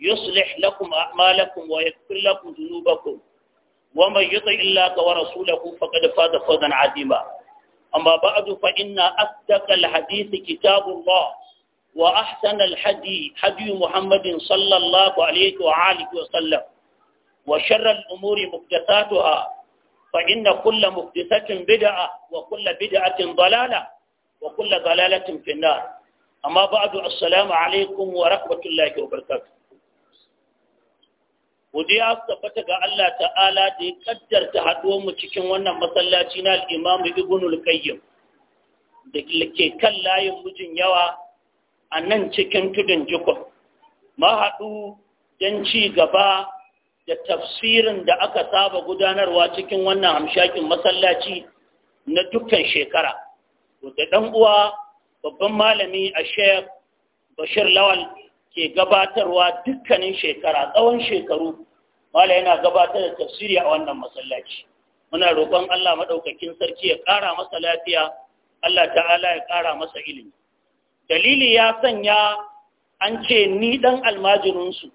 يصلح لكم أعمالكم ويغفر لكم ذنوبكم ومن يطع الله ورسوله فقد فاز فوزا عظيما أما بعد فإن أصدق الحديث كتاب الله وأحسن الحدي حدي محمد صلى الله عليه وآله وسلم وشر الأمور محدثاتها فإن كل محدثة بدعة وكل بدعة ضلالة وكل ضلالة في النار أما بعد السلام عليكم ورحمة الله وبركاته godiya tabbata ga Allah ta'ala da ya kaddarta haduwar mu cikin wannan masallaci na al-Imam Ibn al-Qayyim da ke kan layin mujin yawa a nan cikin tudun jikon ma haɗu don ci gaba da tafsirin da aka saba gudanarwa cikin wannan hamshakin masallaci na dukkan shekara da ɗan uwa babban malami a Sheikh Bashir Lawal ke gabatarwa dukkanin shekara tsawon shekaru wala yana gabatar da tafsiri a wannan masallaci muna roƙon Allah maɗaukakin sarki ya ƙara masa lafiya Allah ta'ala ya ƙara masa ilimi dalili ya sanya an ce ni dan almajirinsu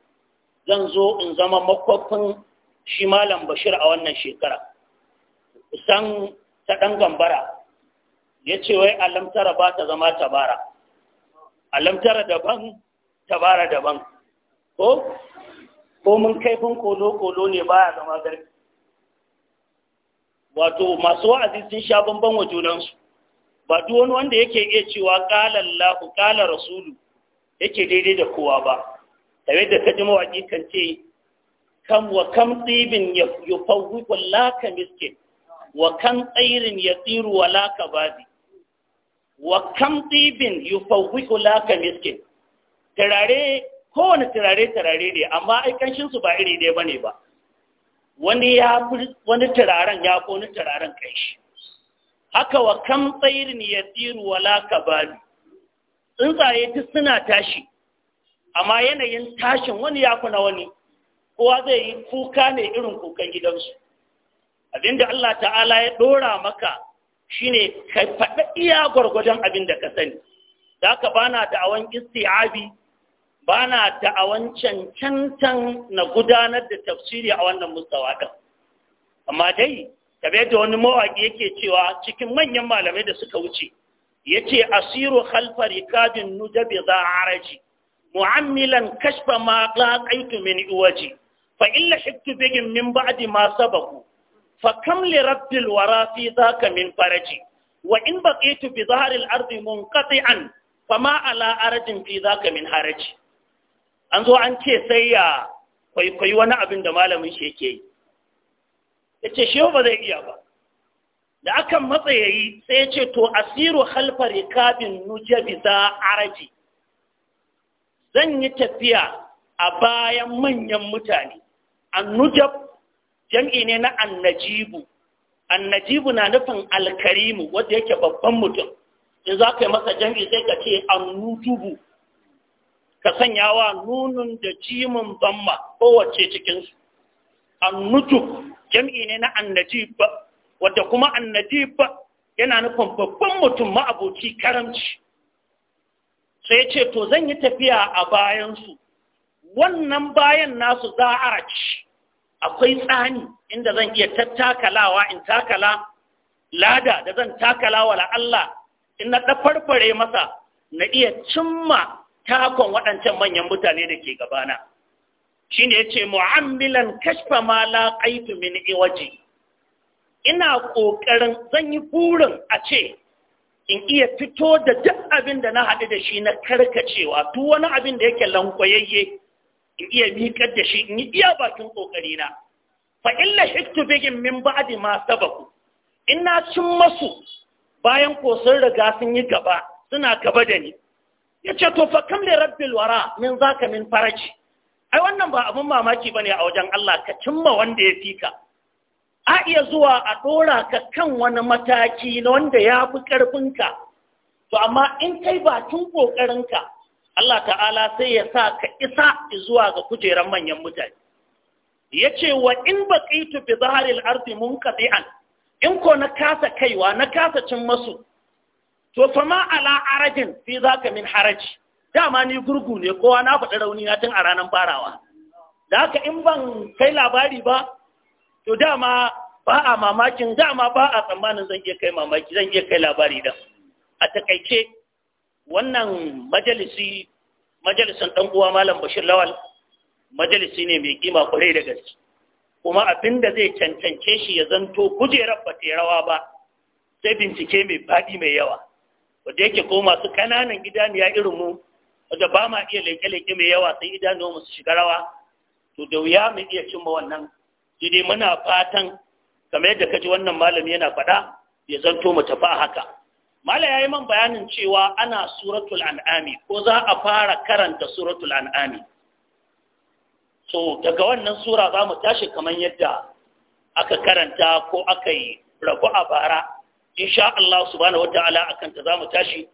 zan zo in zama makwafin shi malam bashir a wannan shekara San ta dan gambara yace ce wai alamtara ba ta zama tabara alamtara daban tabara daban ko ko mun kaifin kolo-kolo ne ba ya zama garfi wato masu wa'azi sun sha bamban wa junansu ba duk wani wanda yake iya cewa ƙala Allahu ƙala Rasulu yake daidai da kowa ba tare da ta ji mawaƙi kan ce kam wa kam tsibin ya fawwi laka miskin wa kam tsairin ya tsiru wa laka bazi wa kam tsibin ya fawwi laka miskin turare kowane turare turare ne amma ai ba iri ɗaya ne ba wani ya wani turaren ya koni turaren kanshi haka wa kan tsairin ya tsiru wala kabalu tsuntsaye ta suna tashi amma yanayin tashin wani ya kuna wani kowa zai yi kuka ne irin kukan gidansu abinda Allah ta'ala ya ɗora maka shine ka faɗa iya gwargwadon abin da ka sani da ka bana da awon isti'abi ba na ta'awan cancantan na gudanar da tafsiri a wannan mustawa ɗin amma dai tabe da wani mawaƙi yake cewa cikin manyan malamai da suka wuce ya ce asiru khalfa rikabin nujabi za haraji mu'ammilan kashfa ma qaqaitu min uwaji fa illa shaktu bigin min ba'di ma sabaku fa kam li rabbil wara fi dhaka min faraji wa in baqitu bi dhahril ardi Fa ma ala arjin fi dhaka min haraji an zo an ce sai ya kwaikwayi wani abin da malamin shi yake yi ya ce shi ba zai iya ba da akan matsayayi sai ya ce to asiru halfar kabin nujabi za a araji zan yi tafiya a bayan manyan mutane annujab jam'i ne na annajibu annajibu na nufin alkarimu wanda yake babban mutum in za ka yi masa jam'i sai ka ce annujubu ka sanya wa nunun da jimin zamma kowace cikinsu annutu jam'i ne na ba, wadda kuma ba yana nufin babban mutum ma'aboci karamci sai ce to zan yi tafiya a bayansu wannan bayan nasu za a raci. akwai tsani inda zan iya tattakalawa in takala lada da zan takala wa Allah in na ɗafarfare masa na iya cimma takon waɗancan manyan mutane da ke gabana shi ne ya ce mu'ammilan kashfa ma la ƙaitu iwaji ina ƙoƙarin zan yi burin a ce in iya fito da duk abin da na haɗu da shi na karkacewa duk wani abin da yake lankwayayye in iya miƙar da shi in yi iya bakin ƙoƙarina fa illa hiktu bigin min ba'di ma sabaku ina na cin masu bayan ko sun riga sun yi gaba suna gaba da ni ya ce to fa kam da rabbil wara min zaka min faraji ai wannan ba abun mamaki bane a wajen Allah ka cimma wanda ya fika a iya zuwa a dora ka kan wani mataki na wanda ya fi ka to amma in kai ba tun ka Allah ta'ala sai ya sa ka isa zuwa ga kujeran manyan mutane ya ce wa in baqitu bi zaharil ardi munqati'an in ko na kasa kaiwa na kasa cin masu to fama ala arajin fi zaka min haraji dama ni gurgu ne kowa na faɗi rauni na tun a ranar farawa da haka in ban kai labari ba to dama ba a mamakin dama ba a tsammanin zan iya kai mamaki zan iya kai labari da a takaice wannan majalisi majalisin ɗan uwa malam bashir lawal majalisi ne mai kima kwarai da gaske kuma abin da zai cancance shi ya zanto kujerar ba rawa ba sai bincike mai faɗi mai yawa wanda yake ko masu kananan idaniya irin mu wanda ba ma iya leke-leke mai yawa sai idanuwa su shiga rawa to da wuya mu iya cimma wannan Jide muna fatan kamar yadda kaji wannan malami yana faɗa ya zanto mu tafi a haka ya yi man bayanin cewa ana suratul an'ami ko za a fara karanta suratul an'ami so daga wannan sura za mu tashi kamar yadda aka karanta ko aka yi rabu a bara sha Allah subhanahu wataala akan ta zamu tashi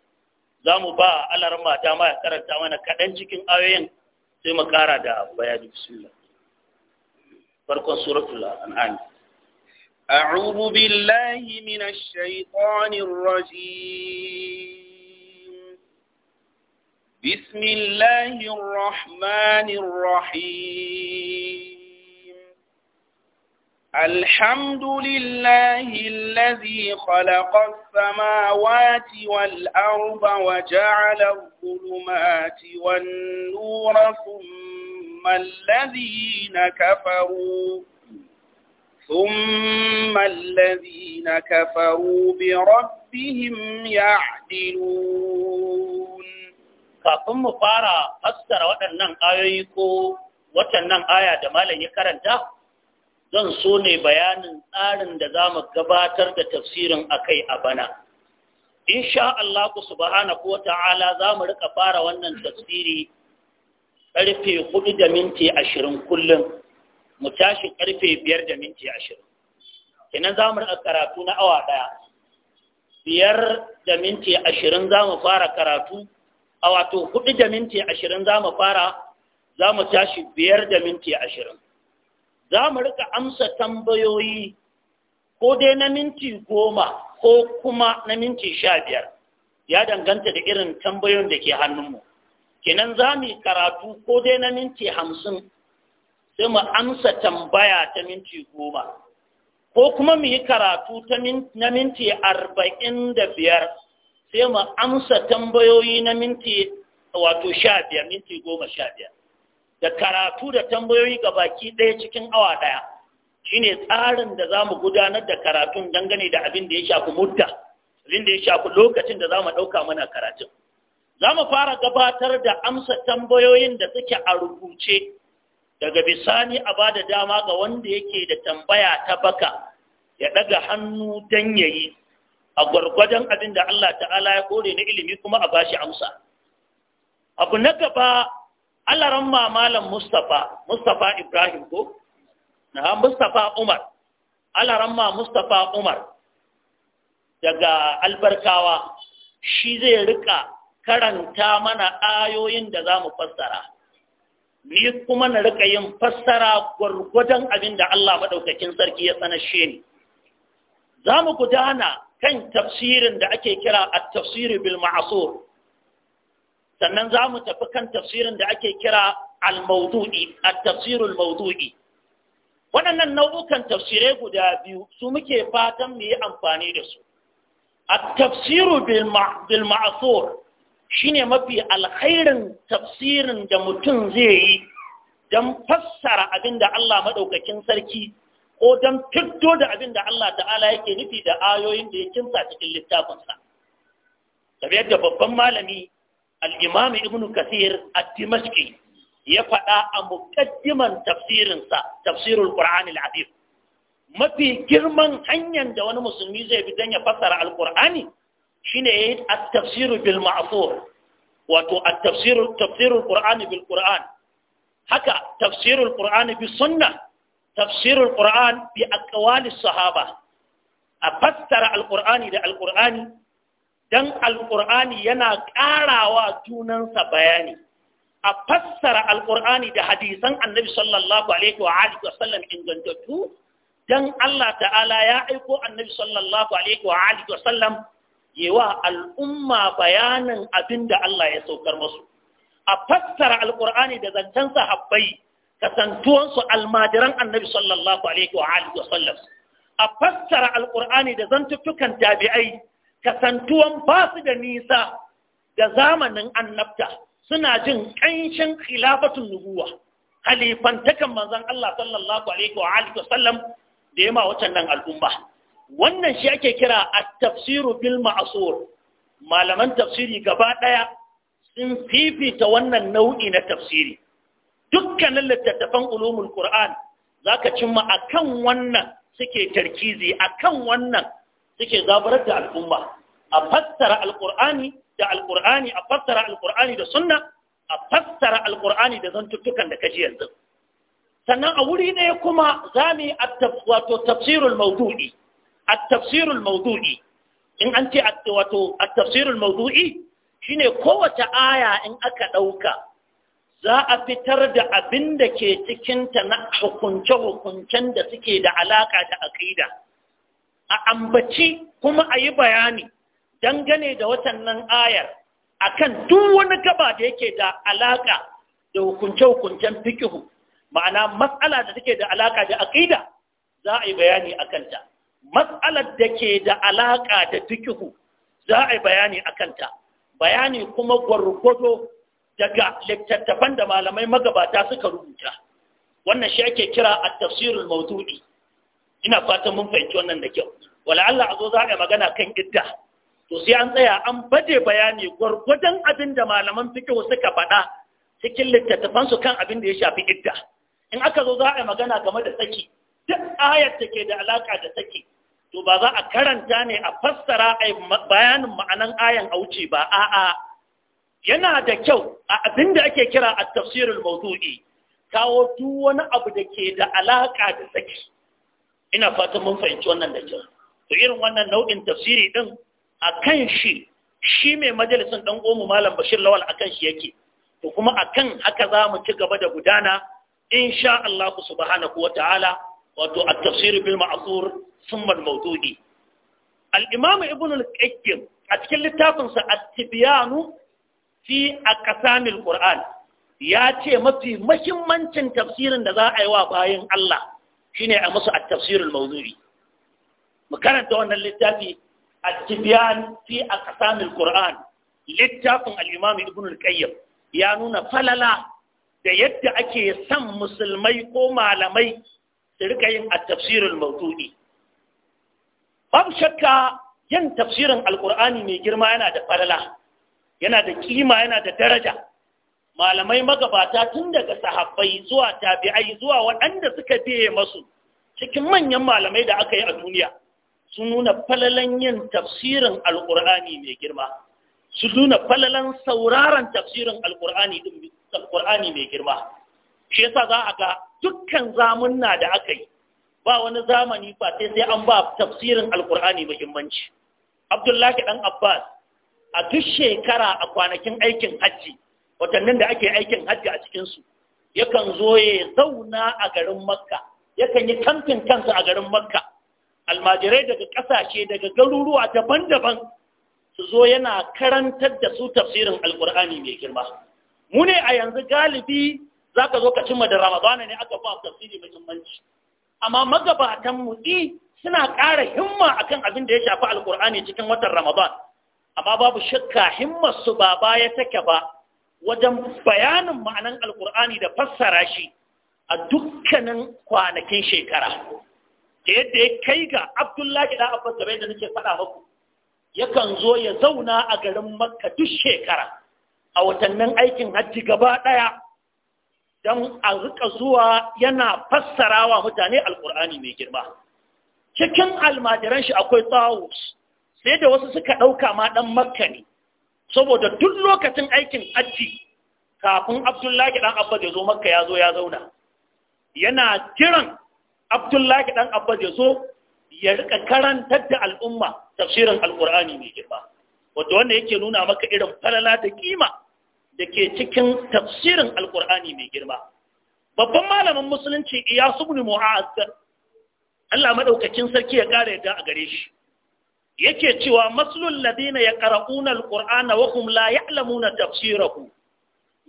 zamu ba alaran mata ma ya karanta mana kaɗan cikin ayoyin sai mu kara da bayani bismillah farkon suratul an'am أعوذ بالله من الشيطان rajim, bismillahir rahmanir rahim. الحمد لله الذي خلق السماوات والأرض وجعل الظلمات والنور ثم الذين كفروا ثم الذين كفروا بربهم يعدلون كفم فارا fara وأنن آيكو وأنن آية watannan aya zan so ne bayanin tsarin da za mu gabatar da tafsirin akai a bana insha Allah ku subhanahu wa ta'ala za mu rika fara wannan tafsiri karfe 4 da minti 20 kullum mu tashi karfe 5 da minti 20 kenan za mu rika karatu na awa daya biyar da minti 20 za mu fara karatu a wato 4 da minti 20 za mu fara za mu tashi biyar da minti 20 za mu rika amsa tambayoyi ko dai na minti goma ko kuma na minti sha biyar ya danganta da irin tambayoyin da ke hannunmu kenan za mu yi karatu ko dai na minti hamsin sai mu amsa tambaya ta minti goma ko kuma mu yi karatu na minti arba'in da biyar sai mu amsa tambayoyi na minti wato sha biyar minti goma sha biyar da karatu da tambayoyi ga baki ɗaya cikin awa ɗaya shine tsarin da za mu gudanar da karatun dangane da abin da ya shafi mudda abin da ya shafi lokacin da za mu ɗauka mana karatun za mu fara gabatar da amsa tambayoyin da suke a rubuce daga bisani a ba da dama ga wanda yake da tambaya ta baka ya ɗaga hannu don yi a gwargwadon abin da Allah ta'ala ya kore na ilimi kuma a bashi amsa abu na gaba Allah ramma malam Mustapha Mustapha Ibrahim ko na Mustapha Umar Allah ramma Mustapha Umar daga albarkawa shi zai rika karanta mana ayoyin da za mu fassara ni kuma na rika yin fassara gwargwadon abin da Allah maɗaukakin sarki ya sanashe ni za mu gudana kan tafsirin da ake kira a tafsiri bil ma'asur sannan za mu tafi kan tafsirin da ake kira al a tafsirin tafsirul mawdu'i waɗannan nau'ukan tafsirai guda biyu su muke fatan mu yi amfani da su at-tafsiru bil ma'thur shine mafi alkhairin tafsirin da mutum zai yi don fassara abinda Allah madaukakin sarki ko don fito da abinda Allah ta'ala yake nufi da ayoyin da ya kinsa cikin littafinsa. Kamar yadda babban malami al-imam ibn kathir at-dimashqi ya faɗa a muƙaddiman tafsirinsa tafsirul qur'an al mafi girman hanyar da wani musulmi zai bi don ya fassara alkur'ani shine yayi at-tafsiru bil ma'thur wato a tafsiru tafsirul qur'ani bil haka tafsirul qur'ani bi sunna tafsirul qur'an bi aqwalis sahaba a fassara alkur'ani da alkur'ani dan alqur'ani yana ƙarawa junansa bayani a fassara alqur'ani da hadisan annabi sallallahu alaihi wa alihi wasallam ingantattu dan Allah ta'ala ya aiko annabi sallallahu alaihi wa alihi wasallam wa al'umma bayanin abinda Allah ya saukar masu, a fassara alqur'ani da zancen sahabbai kasantuwansu almajiran annabi sallallahu alaihi wa alihi wasallam a fassara alqur'ani da zantuttukan tabi'ai kasantuwan basu da nisa da zamanin annabta suna jin ƙanshin khilafatun nubuwa khalifantakan manzon Allah sallallahu alaihi wa alihi wa sallam da yama al'umma wannan shi ake kira at-tafsiru bil ma'sur malaman tafsiri gaba daya sun fifita wannan nau'i na tafsiri dukkanin littattafan ulumul qur'an zaka cimma akan wannan suke tarkizi akan wannan suke zaburar da al'umma a fassara alƙur'ani da alƙur'ani a fassara alƙur'ani da sunna a fassara alƙur'ani da zantuttukan da kaji yanzu sannan a wuri ɗaya kuma za mu yi wato tafsirul maudu'i a tafsirul maudu'i in an ce wato a tafsirul maudu'i shine kowace aya in aka ɗauka za a fitar da abin da ke cikinta na hukunce-hukuncen da suke da alaƙa da aƙida a ambaci kuma a yi bayani dangane da watannan ayar akan duk wani gaba da yake da alaƙa da hukunce-hukuncen fikihu ma'ana matsala da take da alaƙa da aƙida za a yi bayani a kanta matsalar da ke da alaƙa da fikihu za a yi bayani a kanta bayani kuma gwargwado daga littattafan da malamai magabata suka rubuta wannan shi ake kira a tafsirin maudu'i ina fatan mun fahimci wannan da kyau wala Allah a zo za a magana kan idda to sai an tsaya an baje bayani gwargwadon abinda da malaman wasu suka faɗa cikin littattafan su kan abin da ya shafi idda in aka zo za a magana game da saki duk ayar take ke da alaka da saki to ba za a karanta ne a fassara a bayanin ma'anan ayan a wuce ba a'a yana da kyau a abin da ake kira a tafsirul mawdu'i kawo duk wani abu da ke da alaka da saki ina fatan mun fahimci wannan da kyau to irin wannan nau'in tafsiri din akan shi shi mai majalisin dan gomu malam bashir lawal akan shi yake to kuma akan haka za mu ci gaba da gudana insha Allah subhanahu wa ta'ala wato at-tafsir bil ma'thur thumma al-mawdu'i al-imam ibn al-qayyim a cikin littafin sa at-tibyanu fi aqsamil qur'an ya ce mafi mahimmancin tafsirin da za a yi wa bayin Allah shine a musu at-tafsir al mu karanta wannan littafi at-tibyan a aqsam al littafin al-Imam Ibn al ya nuna falala da yadda ake son musulmai ko malamai su rika yin at-tafsir al-mawdu'i shakka yin tafsirin Alƙur'ani mai girma yana da falala yana da ƙima, yana da daraja malamai magabata tun daga sahabbai zuwa tabi'ai zuwa waɗanda suka biye masu cikin manyan malamai da aka yi a duniya sun nuna falalan yin tafsirin alƙur'ani mai girma su nuna falalan sauraron tafsirin alƙur'ani mai girma shi yasa za a ga dukkan zamunna da aka yi ba wani zamani ba sai sai an ba tafsirin alƙur'ani muhimmanci abdullahi dan abbas a duk shekara a kwanakin aikin hajji watannin da ake aikin hajji a cikinsu yakan zo ya zauna a garin makka yakan yi kamfin kansa a garin makka almajirai daga ƙasashe daga garuruwa daban-daban su zo yana karantar da su tafsirin alkur'ani mai girma mu ne a yanzu galibi za ka zo ka cimma da ramadana ne aka ba tafsiri muhimmanci amma magabatan mu suna ƙara himma akan abin da ya shafi alkur'ani cikin watan ramadan amma babu shakka himmar su ba baya take ba wajen bayanin ma'anan alkur'ani da fassara shi a dukkanin kwanakin shekara da yadda ya kai ga abdullahi da abbas da da nake faɗa maku yakan zo ya zauna a garin makka duk shekara a watannin aikin hajji gaba ɗaya don a rika zuwa yana fassarawa mutane alkur'ani mai girma cikin almajiran shi akwai tsawus sai da wasu suka ɗauka ma ɗan makka ne saboda duk lokacin aikin hajji kafin abdullahi ɗan abbas ya zo makka ya zo ya zauna yana kiran abdullahi ɗan Abba ya zo ya rika karantar da al'umma tafsirin alkurani mai girma wato wanda yake nuna maka irin falala da kima da ke cikin tafsirin alkur'ani mai girma babban malamin musulunci iyas ibn mu'az Allah madaukakin sarki ya kare da a gare shi yake cewa maslul ladina yaqra'una alqur'ana wa hum la na tafsirahu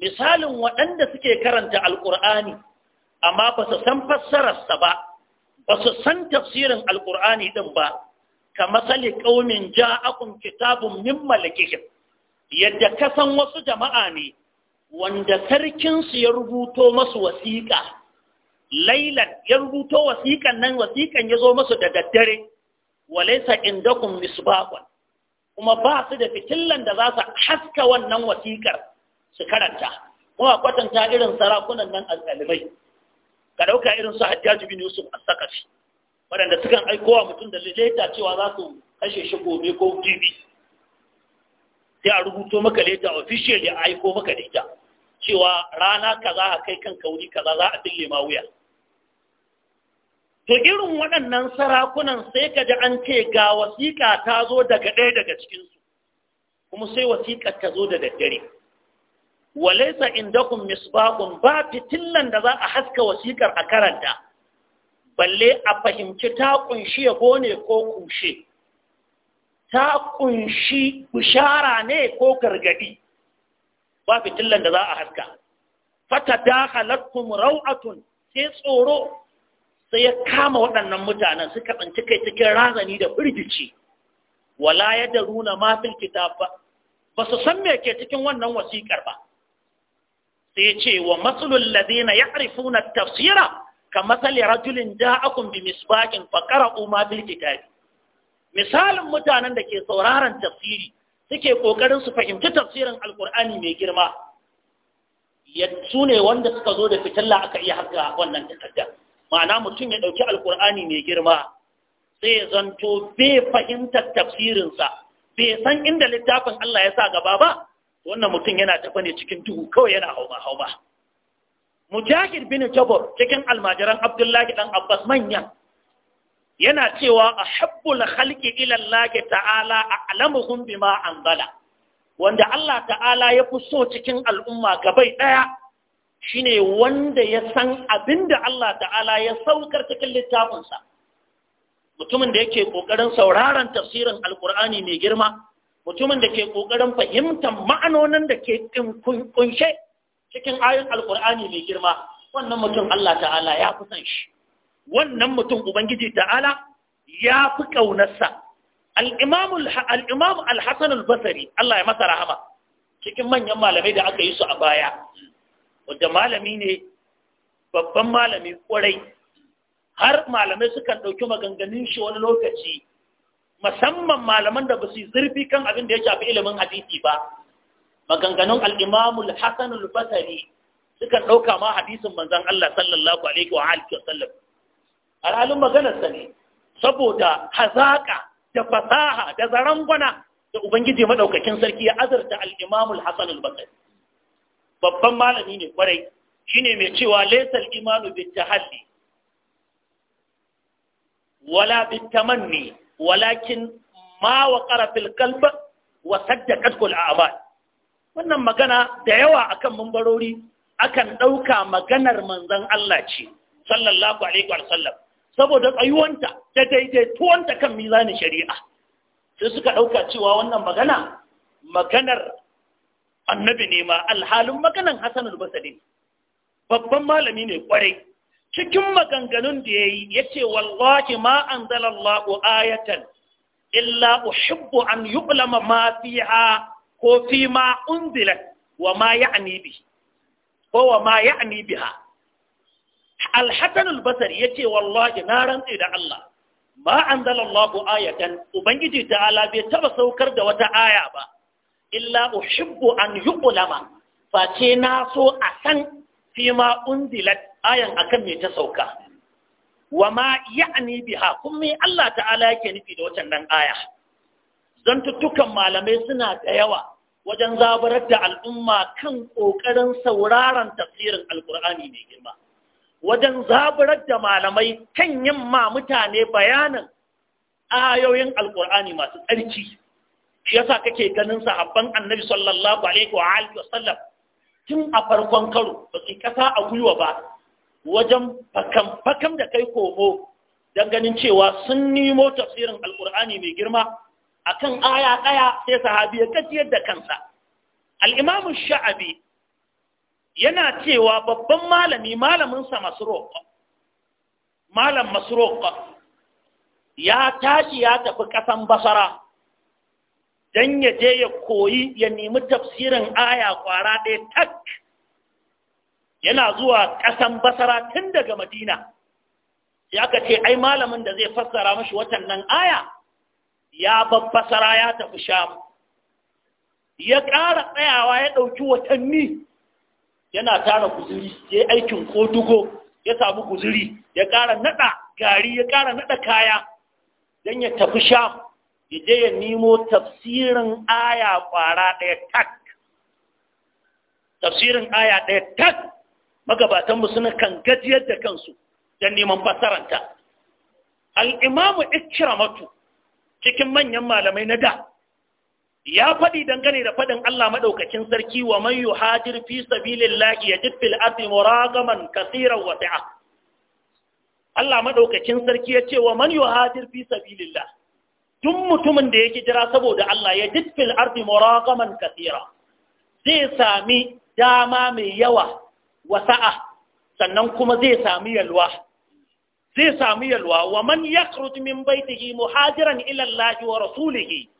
misalin waɗanda suke karanta Alƙur'ani, amma ba su san fassararsa ba ba su san tafsirin Alƙur'ani ɗin ba ka masali ja ja'akum kitabun min malikihim yadda ka san wasu jama'a ne wanda sarkinsu ya rubuto masu wasiƙa lailan ya rubuto wasiƙan nan wasiƙan ya zo masu da daddare walaysa indakum misbaqan kuma ba su da fitillan da za su haska wannan wasikar su karanta kuma kwatanta irin sarakunan nan azzalimai ka dauka irin su Hajjaj bin Yusuf as-Saqafi waɗanda suka aikowa mutum da leta cewa za su kashe shi gobe ko gobe sai a rubuto maka leta official ya aiko maka leta cewa rana kaza a kai kan kauri kaza za a fille ma wuya To irin waɗannan sarakunan sai ka ji an ce ga wasiƙa ta zo daga ɗaya daga cikinsu, kuma sai wasiƙar ta zo da daddare. Walaisa indakun misbakun ba fitilan da za a haska wasiƙar a karanta, balle a fahimci ta ƙunshi ya ne ko kushe, ta ƙunshi bishara ne ko gargaɗi, ba fitillan da za a haska. Fata da halattun rau'atun sai tsoro sai ya kama waɗannan mutanen suka tsinci kai cikin razani da firgici wala ya da runa mafin kitab ba Ba su san me ke cikin wannan wasikar ba sai ce wa matsalul ladina na tafsira ka matsali rajulin akun bi misbakin fa qara'u ma fil kitab misalin mutanen da ke sauraron tafsiri suke kokarin su fahimci tafsirin Alƙur'ani mai girma ya ne wanda suka zo da fitilla aka iya haka wannan takardar. ma'ana mutum ya ɗauki alkur'ani mai girma sai zanto bai fahimtar tafsirinsa bai san inda littafin Allah ya sa gaba ba wannan mutum yana tafa ne cikin duhu kawai yana hauma hauma mujahid bin jabr cikin almajiran abdullahi dan abbas manyan yana cewa a habbul khalqi ila Allah ta'ala a'lamuhum bima anzala wanda Allah ta'ala ya fi so cikin al'umma gabai daya shine wanda ya san abin da Allah ta'ala ya saukar cikin littafinsa mutumin da yake ƙoƙarin sauraron tafsirin alƙur'ani mai girma mutumin da ke ƙoƙarin fahimtar ma'anonin da ke kunshe cikin ayin alƙur'ani mai girma wannan mutum Allah ta'ala ya fi san shi wannan mutum Ubangiji ta'ala ya fi ƙaunarsa al'imam al-hassan al-basari Allah ya masa rahama cikin manyan malamai da aka yi su a baya wanda malami ne babban malami kwarai har malamai sukan ɗauki maganganun shi wani lokaci musamman malaman da ba su zurfi kan abin da ya shafi ilimin hadisi ba maganganun al'imamul hasanul basari sukan ɗauka ma hadisin manzan Allah sallallahu alaihi wa alihi wasallam alhalin maganarsa ne saboda hazaka da fasaha da zarangwana da ubangiji madaukakin sarki ya azarta al'imamul hasan basari babban malami ne kwarai shine mai cewa laysal imanu bitahalli wala bitamanni walakin ma waqara ƙarafin qalb wa saddaqat kul a'mal wannan magana da yawa akan mambarori akan ɗauka maganar manzon Allah ce sallallahu alaihi wa sallam saboda tsayuwanta da daidaituwanta kan mizanin shari'a sai suka ɗauka cewa wannan magana maganar annabi ne ma alhalin maganan Hassan al-Basri babban malami ne kwarai cikin maganganun da yayi yace wallahi ma anzalallahu ayatan illa uhibbu an yuqlama ma fiha ko fi ma unzilat wa ma ya'ni bi ko wa ma ya'ni biha al-Hasan al-Basri yace wallahi na rantsi da Allah ma anzalallahu ayatan ubangiji ta'ala bai taba saukar da wata aya ba illa uhibbu an yuqlama face na so a san fi ma unzilat ayan akan me ta sauka wa ma ya'ni biha kun me Allah ta'ala yake nufi da wannan dan aya don tuttukan malamai suna da yawa wajen zabarar da al'umma kan kokarin sauraron tafsirin alkur'ani mai girma wajen zabarar da malamai kan yin ma mutane bayanin ayoyin alkur'ani masu tsarki shi yasa kake ganin sahabban annabi sallallahu alaihi wa alihi wa sallam tun a farkon karo ba ki kasa a gwiwa ba wajen fakam fakam da kai komo dan ganin cewa sun nemo tafsirin alqur'ani mai girma akan aya daya sai sahabi ya gajiyar da kansa al-imam sha'abi yana cewa babban malami malamin sa masruq malam masruq ya tashi ya tafi kasan basara dan ya je ya koyi ya nemi tafsirin aya kwara ɗaya tak yana zuwa ƙasan basara tun daga madina ya ka ce ai malamin da zai fassara mashi watan nan aya ya babbasara ya tafi sham ya ƙara tsayawa ya ɗauki watanni yana tara guzuri ya yi aikin kodugo ya samu guzuri ya ƙara naɗa gari ya ƙara naɗa kaya don ya tafi sham ya je ya nemo tafsirin aya kwara ɗaya tak tafsirin aya ɗaya tak magabatanmu suna kan gajiyar da kansu don neman fasaranta al'imamu ikiramatu cikin manyan malamai na da ya faɗi dangane da faɗin Allah maɗaukacin sarki wa man yi hajjir fi ya jifil ardi muragaman kasirar wata’a Allah maɗaukacin sarki ya ce wa man yi hajjir fi duk mutumin da ya hijira saboda Allah ya jidfil ardi muraqaman kathira zai sami dama mai yawa wasa'a sannan kuma zai sami yalwa zai sami yalwa wa man yakhruj min muhajiran ila Allah wa rasulihi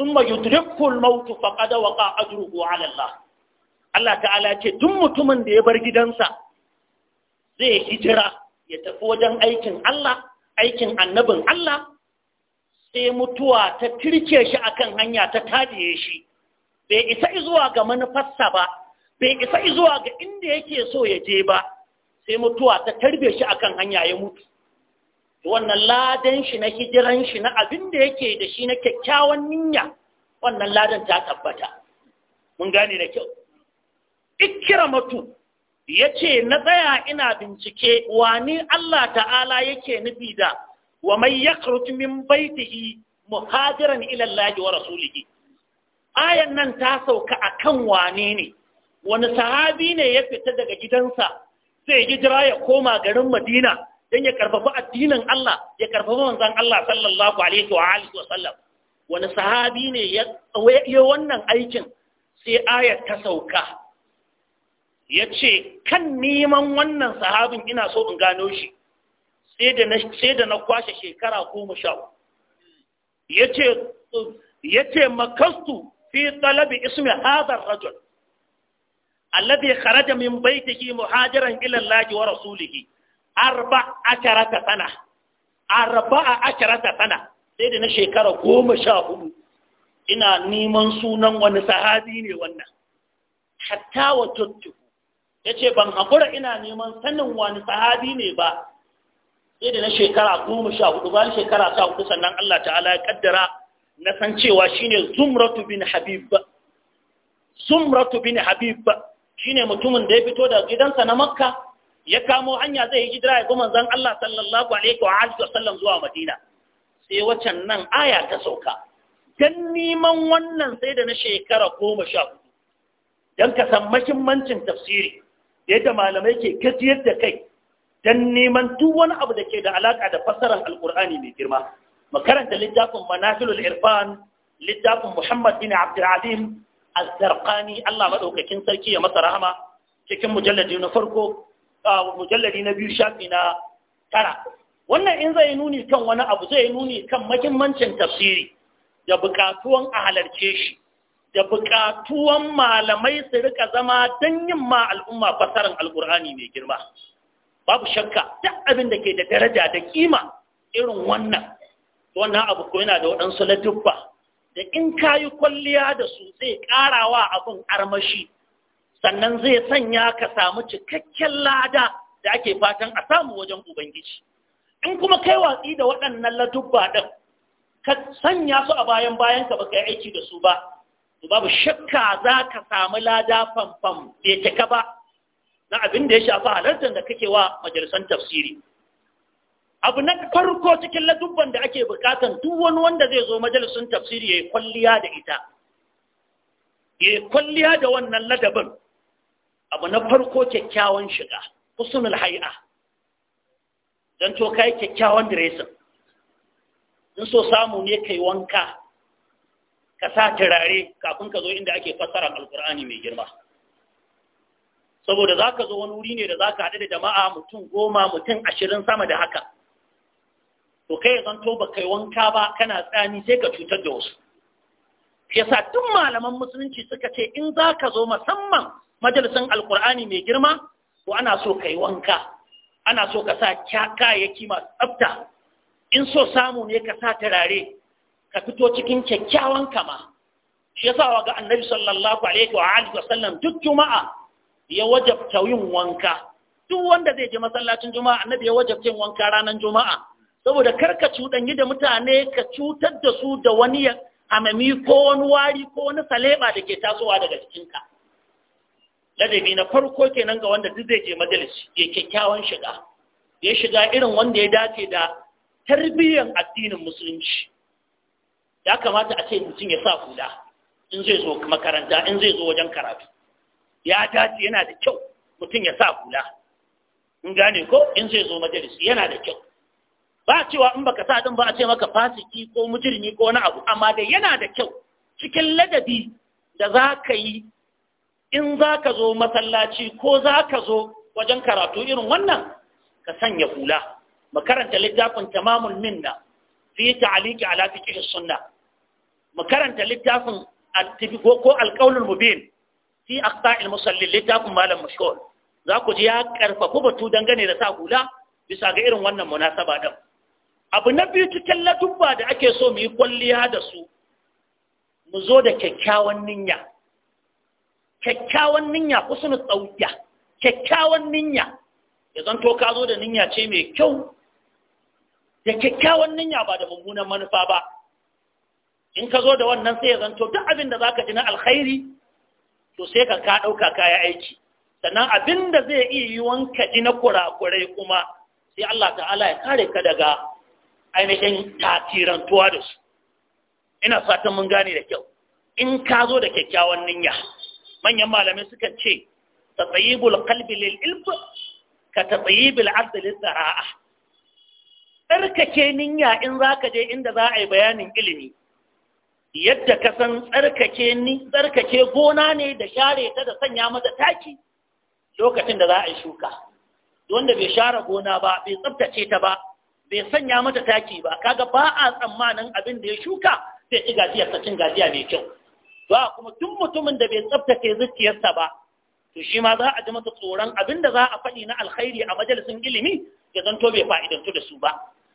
thumma yudrikhu maut faqad waqa ajruhu ala Allah Allah ta'ala ce duk mutumin da ya bar gidansa zai hijira ya tafi wajen aikin Allah aikin annabin Allah sai mutuwa ta tirke shi akan hanya ta taɗiye shi bai isa izuwa ga manufarsa ba bai isa zuwa ga inda yake so ya je ba sai mutuwa ta tarbe shi akan hanya ya mutu wannan ladan shi na hijiran shi na abin da yake da shi na kyakkyawan niyya wannan ladan ta tabbata mun gane da kyau ya ce na tsaya ina bincike wani Allah ta'ala yake nufi da wa man yakhruj min baitihi muhajiran ila Allah wa ayan nan ta sauka akan wane ne wani sahabi ne ya fita daga gidansa sai hijira ya koma garin Madina dan ya karfafa addinin Allah ya karfafa manzon Allah sallallahu alaihi wa alihi wa sallam wani sahabi ne ya wannan aikin sai ayar ta sauka ya ce kan neman wannan sahabin ina so in gano shi sai da na kwashe shekara goma sha ya ce makastu fi talabi ismi hadar rajon. rajul alladhi kharaja min baytihi muhajiran ila Allah wa rasulih arba'ata sana arba'ata sana sai da na shekara goma sha hudu ina neman sunan wani sahabi ne wannan hatta wa tuttu ya ce ban hakura ina neman sanin wani sahabi ne ba sai da na shekara goma sha hudu bayan shekara sha hudu sannan Allah ta'ala ya kaddara na san cewa shine zumratu bin habib zumratu bin habib shine mutumin da ya fito da gidansa na makka ya kamo hanya zai yi hijira ya ga manzon Allah sallallahu alaihi wa alihi wasallam zuwa madina sai wacan nan aya ta sauka dan neman wannan sai da na shekara goma sha hudu dan ka san mahimmancin tafsiri yadda malamai ke gajiyar da kai dan neman duk wani abu da ke da alaka da fassarar alkur'ani mai girma makaranta littafin manasilul irfan littafin muhammad bin abdulazim az Allah madaukakin sarki ya masa rahama cikin mujalladi na farko mujalladi na biyu shafi na tara wannan in zai nuni kan wani abu zai nuni kan mahimmancin tafsiri da buƙatuwan a halarce shi da buƙatuwan malamai su rika zama don yin ma al'umma fasarar alƙur'ani mai girma babu shakka duk abin da ke da daraja da kima irin wannan wannan abu ko yana da waɗansu ladubba da in ka yi kwalliya da su zai ƙarawa abin armashi sannan zai sanya ka samu cikakken lada da ake fatan a samu wajen ubangiji in kuma kai watsi da waɗannan ladubba ɗin ka sanya su a bayan bayan ka baka yi aiki da su ba babu shakka za ka samu lada famfon bai cika ba na abin da ya shafi halartar da kake wa majalisan tafsiri abu na farko cikin ladubban da ake bukatan duk wani wanda zai zo majalisun tafsiri ya yi kwalliya da ita ya yi kwalliya da wannan ladabin abu na farko kyakkyawan shiga husnul hay'a don to kai kyakkyawan diresin in so samu ne kai wanka ka sa turare kafin ka zo inda ake fassara alkur'ani mai girma saboda za ka zo wani wuri ne da za ka haɗu da jama'a mutum goma mutum ashirin sama da haka to kai ya zanto ba kai wanka ba kana tsani sai ka cutar da wasu Ya sa duk malaman musulunci suka ce in za ka zo musamman majalisin alkur'ani mai girma Ko ana so ka yi wanka ana so ka sa kayayyaki masu tsafta in so samu ne ka sa turare ka fito cikin kyakkyawan kama shi sa wa ga annabi sallallahu alaihi wa sallam duk juma'a ya wajabta yin wanka duk wanda zai je masallacin juma'a annabi ya wajabta yin wanka ranar juma'a saboda kar karka cuɗanyi da mutane ka cutar da su da wani hamami, ko wani wari ko wani saleba da ke tasowa daga cikinka ladabi na farko kenan ga wanda duk zai je majalis ya kyakkyawan shiga ya shiga irin wanda ya dace da tarbiyyar addinin musulunci ya kamata a ce mutum ya sa hula in zai zo makaranta in zai zo wajen karatu ya dace yana da kyau mutum ya sa hula in gane ko in zai zo majalisi yana da kyau ba cewa in baka sa din ba a ce maka fasiki ko mujirmi ko wani abu amma dai yana da kyau cikin ladabi da za ka yi in za ka zo masallaci ko za ka zo wajen karatu irin wannan ka sanya hula makaranta littafin tamamul minna fi ta'aliki ala fiqh sunna makaranta littafin at-tibi ko al-qawl al-mubin fi aqta'il musallin littafin malam mashkul za ku ji ya karfafu batu dangane da sa hula bisa ga irin wannan munasaba din abu na biyu cikin latubba da ake so mu yi kwalliya da su mu zo da kyakkyawan niyya kyakkyawan niyya husnul tsawiya kyakkyawan niyya ya zanto ka zo da niyya ce mai kyau da kyakkyawan niyya ba da mummunan manufa ba in ka zo da wannan sai ya zanto duk abin da za ka ji na alkhairi to sai ka ka ɗauka kaya aiki sannan abin da zai iya yi wanka ji na kurakurai kuma sai Allah ta'ala ya kare ka daga ainihin tatirantuwa da su ina fatan mun gane da kyau in ka zo da kyakkyawan niyya manyan malamai suka ce tatsayibul qalbi lil ilm ka tatsayibil abd lil sara'a tsarkake niyya in zaka je inda za a yi bayanin ilimi yadda ka san tsarkake gona ne da share ta da sanya mata taki lokacin da za a yi shuka wanda bai share gona ba bai tsabtace ta ba bai sanya mata taki ba kaga ba a tsammanin abin da ya shuka sai ci gajiyar ta cin gajiya mai kyau ba kuma tun mutumin da bai tsabtace zuciyarsa ba to shi ma za a ji masa tsoron abin da za a faɗi na alkhairi a majalisin ilimi ya zanto bai fa'idantu da su ba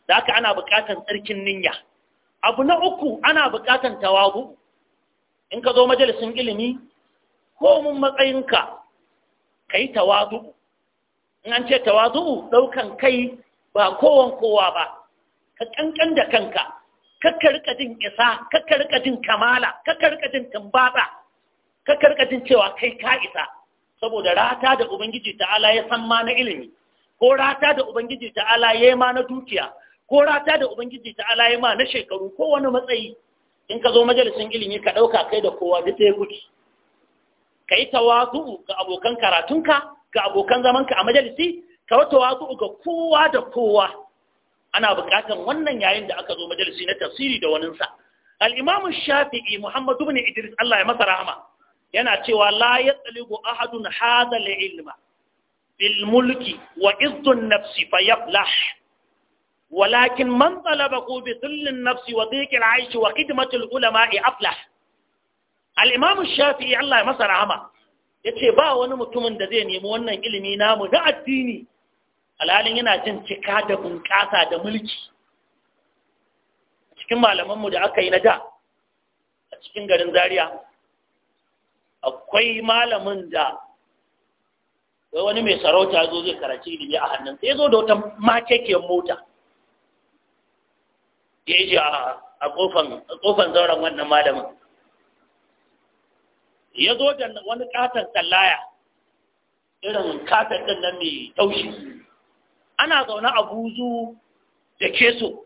da haka ana buƙatar tsarkin niyya abu na uku ana buƙatar tawabu in ka zo majalisin ilimi ko mun matsayinka ka yi tawazu in an ce tawazu ɗaukan kai ba kowan kowa ba ka ƙanƙan da kanka kakka rika jin isa kakka jin kamala kakka rika jin tambata kakka jin cewa kai ka isa saboda rata da ubangiji ta'ala ya san ma na ilimi ko rata da ubangiji ta'ala ya ma na dukiya ko rata da ubangiji ta alayima na shekaru ko wani matsayi in ka zo majalisin ilimi ka ɗauka kai da kowa da ɗaya kuki ka yi tawazu ga abokan karatunka ga abokan zamanka a majalisi ka wata wazu ga kowa da kowa ana buƙatar wannan yayin da aka zo majalisi na tafsiri da waninsa al-imamu shafi'i muhammad ibn idris allah ya masa rahama yana cewa la yatsaligu ahadun hadha ilma bil mulki wa izzun nafsi fayaflah walakin man talabahu bi thullin nafsi wa dhiqil aishi wa khidmatil ulama'i aflah al-imam shafi'i Allah ya masa rahama yace ba wani mutumin da zai nemi wannan ilimi namu na addini alhalin yana jin cika da bunƙasa da mulki cikin malamanmu da aka yi na da a cikin garin zaria akwai malamin da wani mai sarauta zo zai karanci ilimi a hannun ya zo da wata makekiyar mota ya yi a kofan zauren wannan malamin ya zo da wani katon tsallaya irin katon ɗin nan mai taushi ana zaune a buzu da keso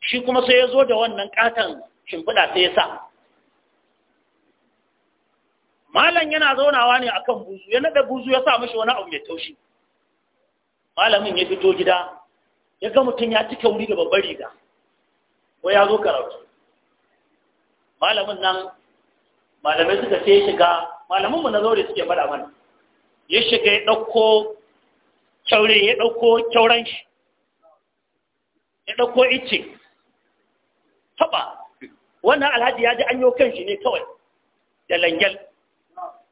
shi kuma sai ya zo da wannan katon shimfiɗa sai ya sa malam yana zaunawa ne akan buzu ya naɗa buzu ya sa mashi wani abu mai taushi malamin ya fito gida ya ga mutum ya ci wuri da babbar riga ko ya zo karatu malamin nan malamai suka ce shiga malamin mu na zaure suke faɗa mana ya shiga ya ɗauko kyaure ya ɗauko kyauran shi ya ɗauko ice taɓa wannan alhaji ya ji an yi kan shi ne kawai da langel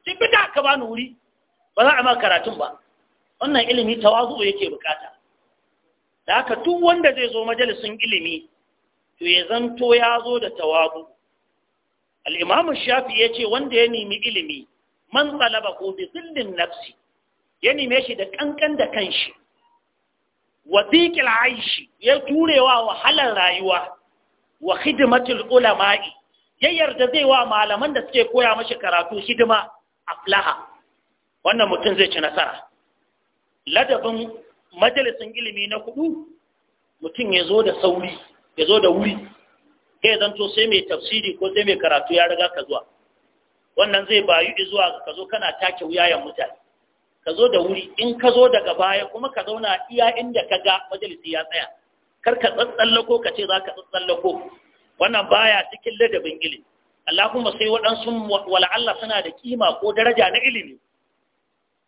sai fita ka ba ni wuri ba za a ma karatun ba wannan ilimi tawazu yake bukata da haka duk wanda zai zo majalisun ilimi to ya zanto ya zo da tawabu al shafi ya ce wanda ya nimi ilimi man talaba ko bi zillin nafsi ya nime shi da kankan da kanshi wa dhiqil aishi ya turewa wahalar rayuwa wa khidmatul ulama'i ya yarda zai wa malaman da suke koya mashi karatu hidima aflaha wannan mutum zai ci nasara ladabin majalisin ilimi na kudu mutum ya zo da sauri ya zo da wuri zanto sai mai tafsiri ko sai mai karatu ya riga ka zuwa wannan zai bayu zuwa ka zo kana take wuyayen mutane ka zo da wuri in ka zo daga baya kuma ka zauna iya inda ka ga majalisi ya tsaya kar ka tsatsallako ka ce za ka tsatsallako wannan baya cikin ladabin ilimi Allahumma sai waɗansu wala'alla suna da kima ko daraja na ilimi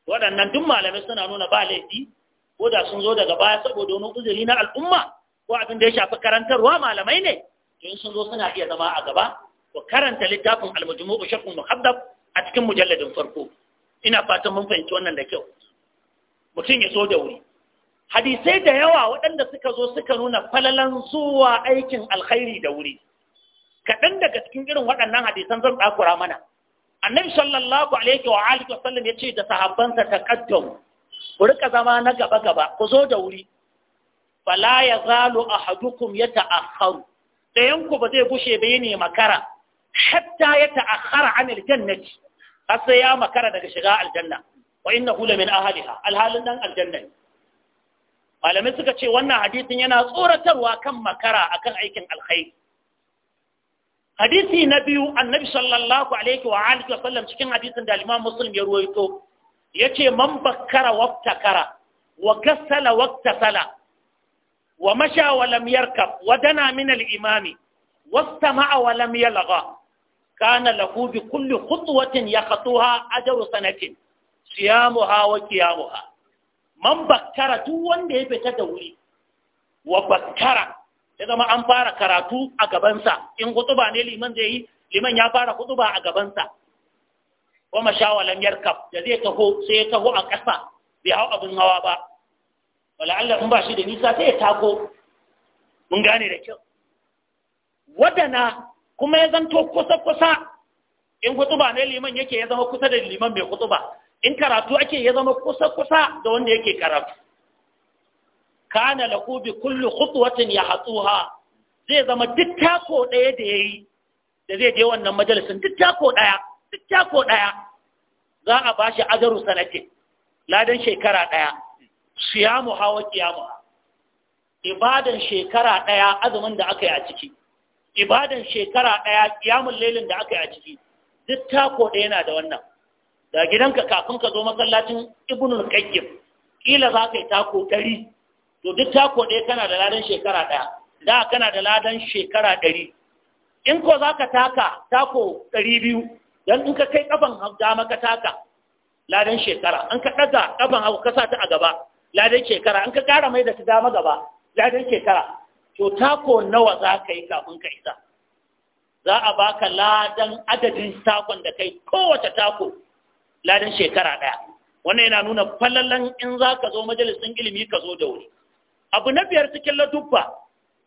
waɗannan duk malamai suna nuna ba laifi ko da sun zo daga baya saboda wani uzuri na al'umma ko abin da ya shafi karantarwa malamai ne in sun zo suna iya zama a gaba Ku karanta littafin almujmu'u shakun muhaddab a cikin mujalladin farko ina fatan mun fahimci wannan da kyau mutum ya zo da wuri hadisai da yawa waɗanda suka zo suka nuna falalan zuwa aikin alkhairi da wuri kaɗan daga cikin irin waɗannan hadisan zan ɗakura mana annabi sallallahu alaihi wa alihi ya ce da sahabbansa taqaddam ku rika zama na gaba gaba ku zo da wuri fala ya zalo a hadukum ya ta'akharu ɗayanku ba zai gushe ba ne makara hatta ya ta'akhara an aljannati har sai ya makara daga shiga aljanna wa innahu la min ahliha alhalin dan aljanna malamai suka ce wannan hadisin yana tsoratarwa kan makara akan aikin alkhairi hadisi na biyu annabi sallallahu alaihi wa alihi wa sallam cikin hadisin da al-Imam Muslim ya ruwaito yace man bakkara waqtakara wa kasala waqtasala wa masha wa lam yarkab wa dana min al-imami wastama'a wa lam yalgha kana lahu bi kulli khutwatin yakhatuha ajru sanatin siyamuha wa qiyamuha man bakkara duk wanda ya fita da wuri wa bakkara ya zama an fara karatu a gabansa in kutuba ne liman zai yi liman ya fara kutuba a gabansa wa mashawalan yarkab da zai taho sai ya taho a ƙasa bai hau abin hawa ba wala'alla in ba shi da nisa sai ya tako mun gane da kyau wadana kuma ya zanto kusa-kusa in kutuba na liman yake ya zama kusa da liman mai kutuba in karatu ake ya zama kusa-kusa da wanda yake karatu kana lahu bi kullu khutwatin ya hatsuha zai zama duk tako ɗaya da yi, da zai je wannan majalisun duk tako ɗaya duk tako ɗaya za a bashi ajaru sanatin ladan shekara ɗaya siyamu hawa kiyamu ibadan shekara ɗaya azumin da aka yi a ciki ibadan shekara ɗaya kiyamun lailin da aka yi a ciki duk tako ɗaya yana da wannan da gidanka kafin ka zo masallacin ibnul qayyim kila za ka yi tako ɗari to duk tako ɗaya kana da ladan shekara ɗaya da kana da ladan shekara ɗari in ko za ka taka tako ɗari biyu don in ka kai ƙafan dama ka taka ladan shekara an ka ɗaga ƙafan hagu ka sa ta a gaba ladan shekara an ka kara mai da ta dama gaba ladan shekara to tako nawa za ka yi kafin ka isa za a baka ladan adadin takon da kai kowace tako ladan shekara ɗaya wannan yana nuna falalan in za ka zo majalisin ilimi ka zo da wuri abu na biyar cikin ladubba.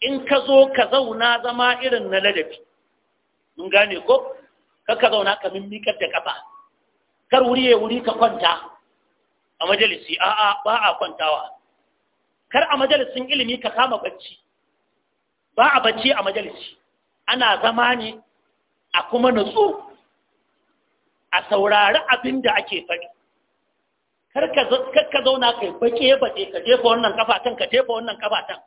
in ka zo ka zauna zama irin na ladabi mun gane ko ka ka zauna ka mimmikar da kafa kar wuri ya wuri ka kwanta a majalisi a'a ba a kwantawa kar a majalisin ilimi ka kama bacci ba a bacci a majalisi ana zama ne a kuma nutsu a saurari abin da ake faɗi kar ka zauna ka kai bake baɗe ka jefa wannan kafatan ka jefa wannan kafatan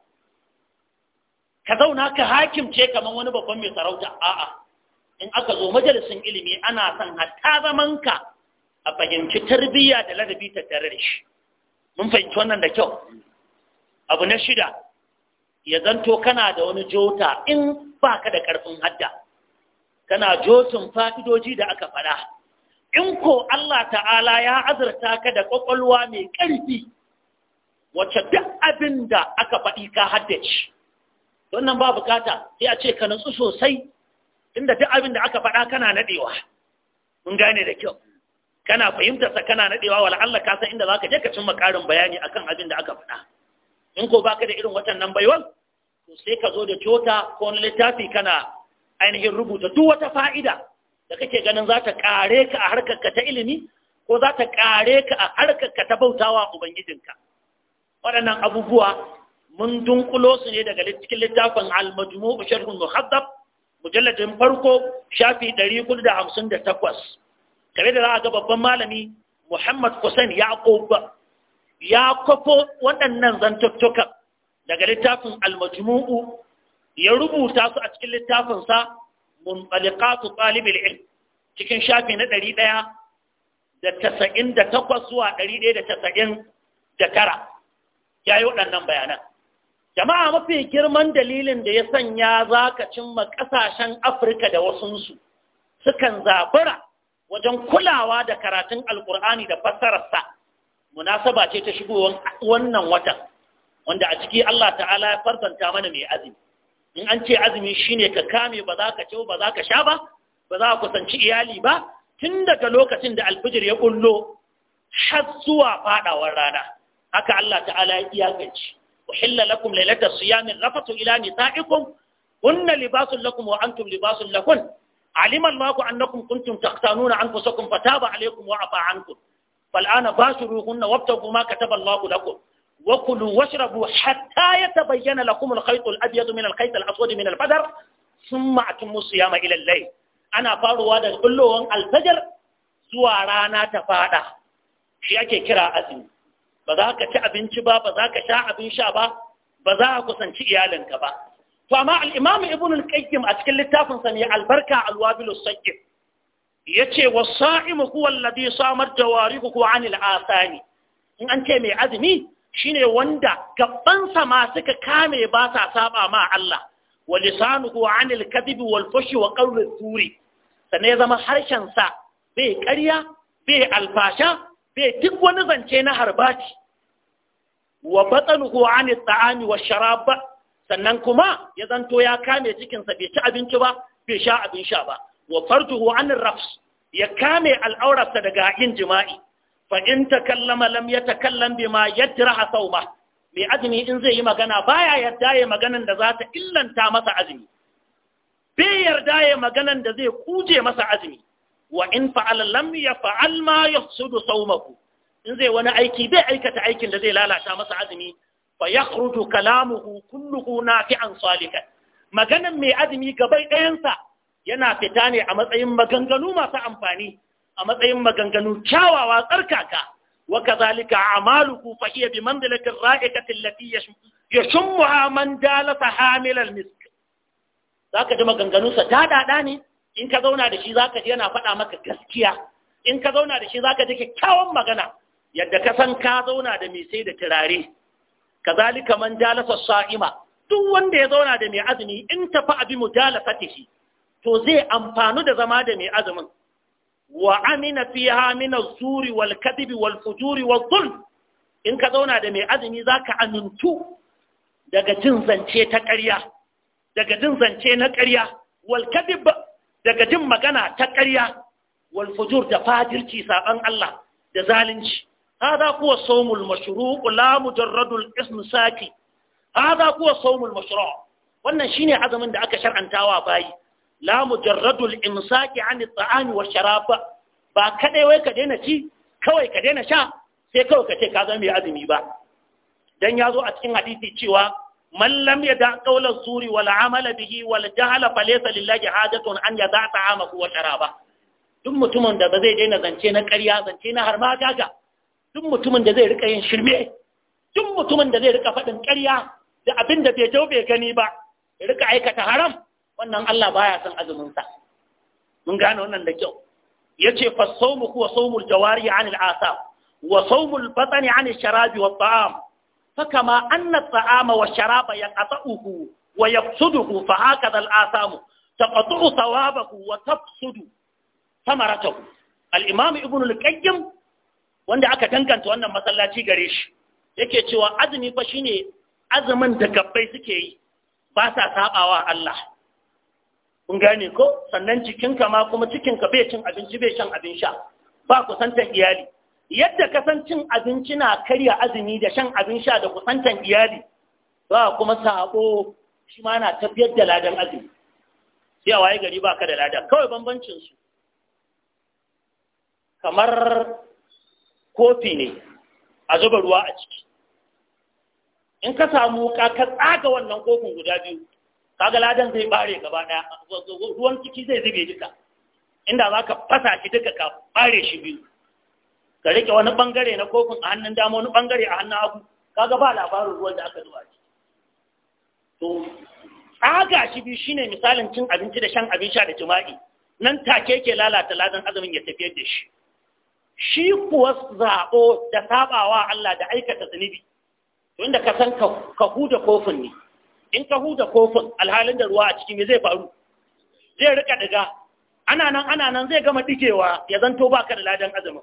ka zauna ka hakimce kamar wani babban mai sarauta a'a in aka zo majalisin ilimi ana son hatta zamanka a fahimci tarbiyya da ladabi ta tare da shi mun fahimci wannan da kyau abu na shida ya zanto kana da wani jota in ba ka da ƙarfin hadda kana jotun fa'idoji da aka faɗa in ko Allah ta'ala ya azurta ka da ƙwaƙwalwa mai ƙarfi wacce duk abin da aka faɗi ka haddace wannan ba bukata sai a ce ka nutsu sosai inda duk abin da aka faɗa kana naɗewa mun gane da kyau kana fahimtar kana naɗewa wa Allah ka san inda ka je ka cimma karin bayani akan abin da aka faɗa in ko baka da irin waɗannan baiwan to sai ka zo da cota ko wani littafi kana ainihin rubuta duk wata fa'ida da kake ganin za ta kare ka a harkarka ta ilimi ko za ta kare ka a harkarka ta bautawa ubangijinka waɗannan abubuwa mun dunkulo su ne daga cikin littafin al-majmu'u sharhul muhaddab mujalladin farko shafi 458 kare da za a babban malami Muhammad Hussein Yaqub ya kwafo waɗannan zantattukan daga littafin Al-Majmu'u ya rubuta su a cikin littafin sa Munqaliqatu al Ilm cikin shafi na 198 zuwa 199 ya yi waɗannan bayanan jama'a mafi girman dalilin da ya sanya za ka cimma ƙasashen afirka da wasunsu sukan zabura wajen kulawa da karatun alkur'ani da fassararsa munasaba ce ta shigo wannan watan wanda a ciki Allah ta'ala ya farzanta mana mai azumi in an ce azumi shine ka kame ba za ka ci ba za ka sha ba ba za ka kusanci iyali ba tun daga lokacin da alfijir ya kullo har zuwa fadawar rana haka Allah ta'ala ya iyakance uhilla lakum laylata siyamin rafatu ila nisaikum Kunna libasun lakum wa antum libasun lakun علم الله أنكم كنتم تختانون أنفسكم فتاب عليكم وعفى عنكم فالآن باشروهن وابتغوا ما كتب الله لكم وكلوا واشربوا حتى يتبين لكم الخيط الأبيض من الخيط الأسود من البدر ثم أتموا الصيام إلى الليل أنا فاروا هذا كلهم الفجر زوارانا تفادا shi ake kira azumi ba za ka ci abinci ba ba za ka sha abin sha ba ba za ka kusanci iyalinka ba to amma al-imam ibn al-qayyim a cikin littafin sa ne albarka al-wabil as-sayyib yace was samar da alladhi ku jawarihu anil asani in an ce mai azumi shine wanda gabansa ma suka kame ba sa saba ma Allah wa lisanuhu anil kadhibi wal wa qawli turi sannan ya zama harshen sa bai ƙarya bai alfasha bai duk wani zance na harbaci wa batsanuhu anil ta'ami wa sharaba sannan kuma ya zanto ya kame cikinsa bai ci abinci ba bai sha abin sha ba wa farjuhu an rafs ya kame al'aurarsa daga yin jima'i fa in takallama lam yatakallam bima yadraha sawma mai azumi in zai yi magana baya yarda ya maganan da za ta illanta masa azumi bai yarda ya maganan da zai kuje masa azumi wa in fa'ala lam yaf'al ma yafsudu sawmahu in zai wani aiki bai aikata aikin da zai lalata masa azumi fa kalamuhu kulluhu nafi'an salihan maganan mai azumi gabai ɗayansa yana fita ne a matsayin maganganu masu amfani a matsayin maganganu kyawawa tsarkaka wa kazalika amaluhu fa iya bi manzilati ar-ra'ikati ya yashmuha man jalasa hamil misk zaka ji maganganun sa dadada ne in ka zauna da shi zaka ji yana faɗa maka gaskiya in ka zauna da shi zaka ji kyakkyawan magana yadda ka san ka zauna da mai sai da turare kazalika man jalasa sa'ima duk wanda ya zauna da mai azumi in tafi abi mujalasatihi to zai amfanu da zama da mai azumin wa amina fiha min az-zuri wal kadhibi wal fujuri wal zulm in ka zauna da mai azumi zaka amintu daga jin zance ta ƙarya daga jin zance na ƙarya wal kadhib daga jin magana ta ƙarya wal fujur da fadirci saban Allah da zalunci هذا هو الصوم المشروع لا مجرد الاسم ساكي هذا هو الصوم المشروع wannan shine azumin da aka shar'antawa bayi la mujarradul imsaki an at'ami wa sharab ba kadai wai ka daina ci kawai ka daina sha sai kawai ka ce ka zama mai azumi ba dan yazo a cikin hadisi cewa man lam yada qawla zuri wal amala bihi wal jahala falaysa lillahi hajatun an yada ta'amahu wa sharaba duk mutumin da ba zai daina zance na ƙarya zance na harma gaga duk mutumin da zai rika yin shirme duk mutumin da zai rika faɗin ƙarya da abin da bai jau bai gani ba ya rika aikata haram wannan Allah baya son azumin sa mun gane wannan da kyau yace fa sawmu huwa sawmul jawari anil asab wa sawmul batni anil sharabi wat ta'am فكما أن الطعام والشراب يقطعه ويفسده فهكذا الآثام تقطع ثوابه وتفسد ثمرته الإمام ابن القيم wanda aka danganta wannan masallaci gare shi yake cewa azumi fa shine azumin da gabbai suke yi ba sa sabawa Allah kun gane ko sannan cikinka ma kuma cikinka bai cin abinci bai shan abin sha ba kusantan iyali yadda kasancin abinci na karya azumi da shan abin sha da kusantan iyali ba kuma sabo shi ma na tafiyar da ladan azumi sai waye gari baka da ladan? kawai bambancin su kamar kofi ne a zuba ruwa a ciki in ka samu wuka ka tsaga wannan kofin guda biyu kaga ladan zai bare gaba daya ruwan ciki zai zube duka inda za ka fasa shi duka ka bare shi biyu ka rike wani bangare na kofin a hannun dama wani bangare a hannun hagu kaga ba labarin ruwan da aka zuba shi to tsaga shi biyu shine misalin cin abinci da shan abin sha da jima'i nan take ke lalata ladan azumin ya tafiyar da shi shi kuwa zaɓo da saɓawa Allah da aikata zunubi inda ka san ka huda kofin ne in ka huda kofin alhalin da ruwa a ciki me zai faru zai rika daga ana nan ana nan zai gama ɗigewa. ya zanto baka da ladan azumin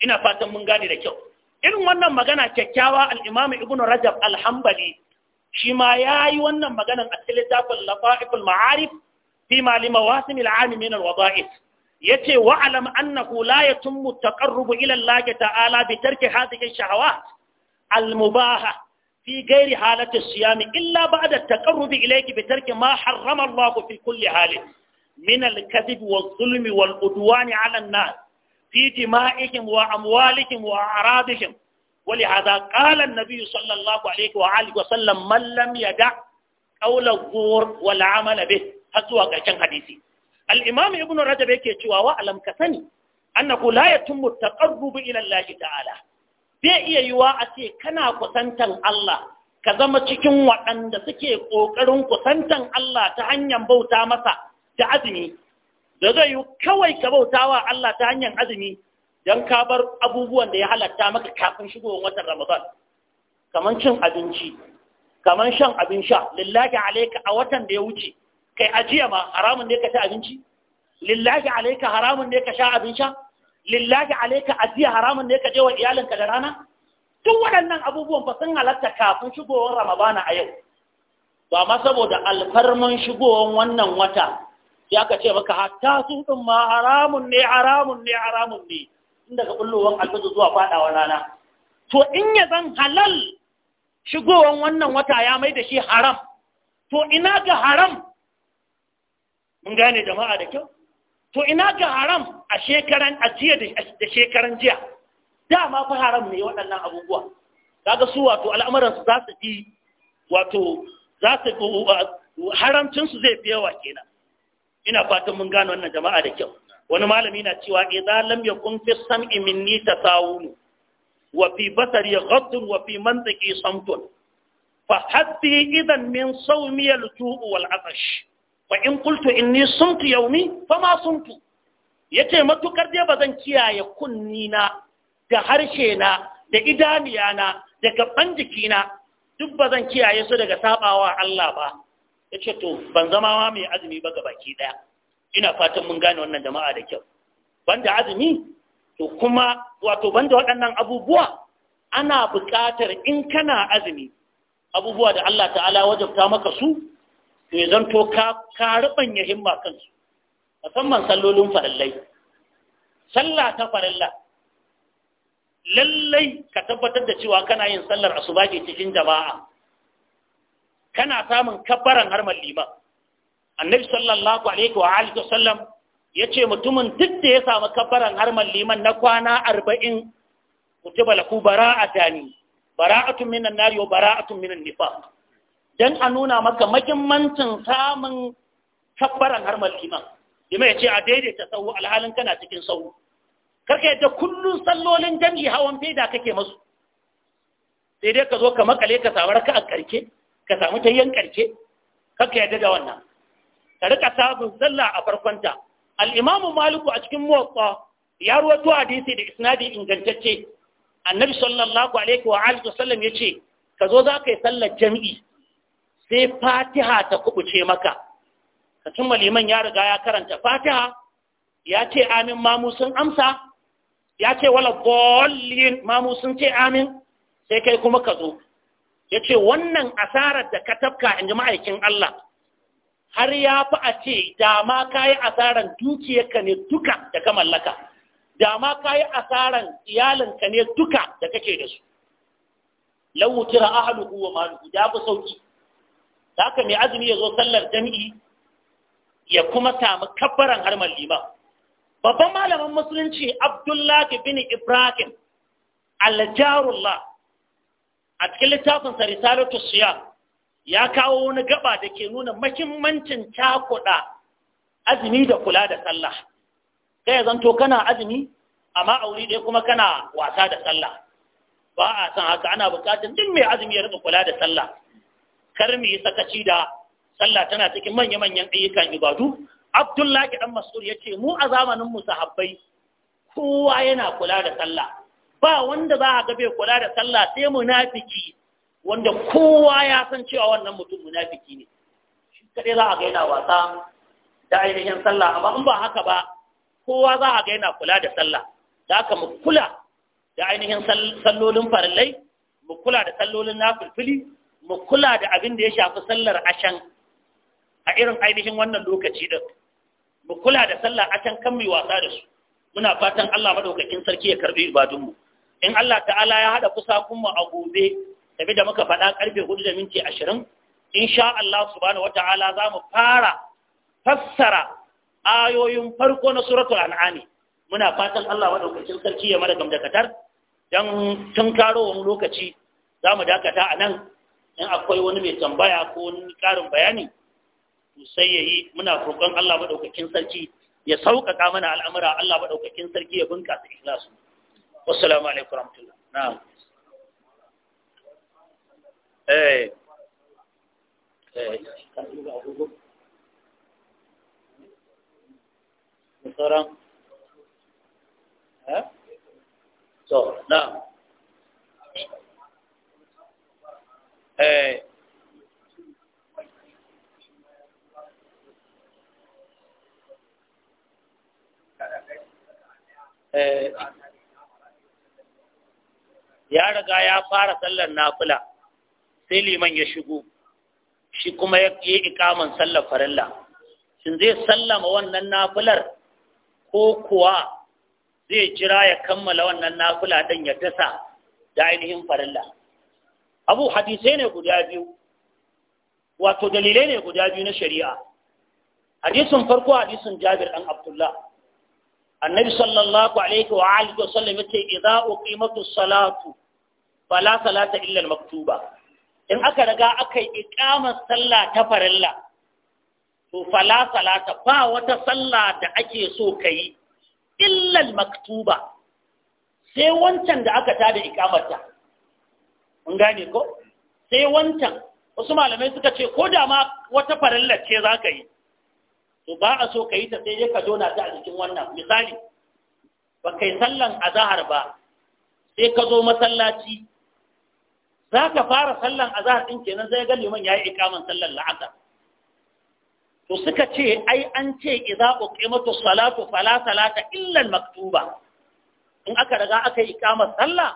ina fatan mun gane da kyau irin wannan magana kyakkyawa al Ibn Rajab al hambali shi ma yi wannan maganan a cikin littafin Lafa'iful Ma'arif fi ma yace wa alam annahu la yatimmu taqarrubu ila Allah ta'ala bi tarki hadhihi shahawat al-mubaha fi ghairi halati siyam illa ba'da taqarrubi ilayki bi tarki ma harrama Allah fi kulli halin min al-kadhib wal-zulmi wal-udwan 'ala an-nas fi dima'ihim wa amwalihim wa aradihim ولهذا قال النبي صلى الله عليه وآله وسلم من لم يدع قول الظهور والعمل به حتى وقع حديثي al-imam ibn rajab yake cewa wa alam ka sani annahu la yatimmu taqarrubu ila ta'ala Zai iya yiwa a ce kana kusantan Allah ka zama cikin waɗanda suke ƙoƙarin kusantan Allah ta hanyar bauta masa da azumi da zai yi kawai ka bauta wa Allah ta hanyar azumi don ka bar abubuwan da ya halatta maka kafin shigowar watan Ramadan kamar cin abinci kamar shan abin sha lillahi alayka a watan da ya wuce kai ajiya ma haramun ne ka ci abinci lillahi alaika haramun ne ka sha abinci? lillahi alaika ajiya haramun ne ka je wa iyalinka da rana tun waɗannan abubuwan ba sun halatta kafin shigowar ramadana a yau ba ma saboda alfarman shigowar wannan wata ya ka ce maka hatta su din ma haramun ne haramun ne haramun ne tun daga bullowar alfajir zuwa faɗawar rana to in ya zan halal shigowar wannan wata ya mai da shi haram to ina ga haram mun gane jama'a da kyau to ina ga haram a shekaran a jiya da shekaran jiya dama fa haram ne waɗannan abubuwa kaga su wato al'amuran su za su wato za su uh, haramcin su zai fi yawa kenan ina fatan mun gane wannan jama'a da kyau wani malami na cewa idan lam yakun fi sam'i minni tasawunu wa fi basari ghaddun wa fi mantiqi samtun fa hatti idan min sawmi al wal 'atash wa in qultu inni sumtu yawmi fama sumtu yace matukar dai bazan kiyaye kunni na da harshe na da idaniya na da gaban jiki na duk bazan kiyaye su daga sabawa Allah ba yace to ban zama ma mai azumi ba gabaki daya ina fatan mun gane wannan jama'a da kyau banda azumi to kuma wato banda waɗannan abubuwa ana buƙatar in kana azumi abubuwa da Allah ta'ala wajabta maka su to ya zanto ka ruɓanya himma kansu musamman sallolin farallai, sallah ta farilla lallai ka tabbatar da cewa kana yin sallar asuba ke cikin jama'a kana samun kabbaran har mallima. annabi sallallahu alaihi wa alihi wasallam yace mutumin duk da ya samu kabbaran har mallima na kwana 40 kutiba lahu bara'atani bara'atun minan nari wa bara'atun minan nifaq dan a nuna maka mahimmancin samun tabbaran har liman liman ya ce a daidaita sahu alhalin kana cikin sahu karka yadda kullun sallolin jam'i hawan faida kake masu sai dai ka zo ka makale ka samu raka a karke ka samu tayyan karke karka yadda da wannan ka rika sabon sallah a farkonta al-imamu maliku a cikin muwatta ya ruwato hadisi da isnadi ingantacce annabi sallallahu alaihi wa alihi wasallam yace ka zo za ka yi sallar jam'i sai fatiha ta kubuce maka ka cimma liman ya riga ya karanta fatiha ya ce amin mamu sun amsa ya ce wala bolin mamu sun ce amin sai kai kuma ka zo ya ce wannan asarar da ka tafka in ji ma'aikin Allah har ya fi a ce dama ka yi asarar dukiyarka ne duka da ka mallaka dama ka yi asarar iyalinka ne duka da kake da su lau tira ahaluhu wa maluhu da fi sauki da aka mai azumi ya zo sallar jami'i ya kuma samu kabbaran harmar liman babban malamin musulunci abdullahi bin ibrahim aljarullah a cikin littafinsa risalatu siya ya kawo wani gaba da ke nuna mahimmancin cakuɗa azumi da kula da sallah kai zanto kana azumi amma aure dai kuma kana wasa da sallah ba a san haka ana bukatun duk mai azumi ya rika kula da sallah karmi mu yi sakaci da sallah tana cikin manya-manyan ayyukan ibadu abdullahi dan ya ce mu a zamanin mu sahabbai kowa yana kula da sallah ba wanda za a ga bai kula da sallah sai munafiki wanda kowa ya san cewa wannan mutum munafiki ne shi kadai za a ga yana wasa da ainihin sallah amma in ba haka ba kowa za a ga yana kula da sallah da aka mu kula da ainihin sallolin farillai mu kula da sallolin nafilfili mu kula da abin da ya shafi sallar ashan a irin ainihin wannan lokaci ɗin. mu kula da sallar ashan kan mai wasa da su muna fatan Allah madaukakin sarki ya karbi ibadunmu. in Allah ta'ala ya hada kusa mu a gobe tafi da muka faɗa karfe hudu da minti 20 insha Allah subhanahu wata'ala za mu fara fassara ayoyin farko na suratul an'ami muna fatan Allah madaukakin sarki ya mara gamdakatar dan tun karo wani lokaci za mu dakata a nan in akwai wani mai tambaya ko wani ƙarin bayani sai ya yi muna roƙon Allah maɗaukakin sarki ya sauƙaƙa mana al'amura Allah maɗaukakin sarki ya bunƙasa ikhlasu assalamu alaikum warahmatullahi na'am eh eh sauran eh so na'am fara sallar nafila sai liman ya shigo shi kuma ya yi ikaman sallar farilla shin zai sallama wannan nafilar ko kuwa zai jira ya kammala wannan nafila dan ya dasa da ainihin farilla abu hadisai ne guda biyu wato dalilai ne guda biyu na shari'a hadisin farko hadisin jabir ɗan abdullah annabi sallallahu alaihi wa alihi wa sallam yace idza uqimatus salatu fala salata illa al-maktuba in aka riga aka yi iqamar sallah ta farilla to fala salata ba wata sallah da ake so kai illa al-maktuba sai wancan da aka tada ikamarta mun gane ko sai wancan wasu malamai suka ce ko da ma wata farilla ce za ka yi to ba a so ka yi ta sai dai ka jona ta a jikin wannan misali ba kai sallan azahar ba sai ka zo masallaci za ka fara sallan azahar ɗin kenan zai ga liman yayi yi ikaman sallan la'asar to suka ce ai an ce idza uqimatu salatu fala salata illa al-maktuba in aka riga aka yi ikamar sallah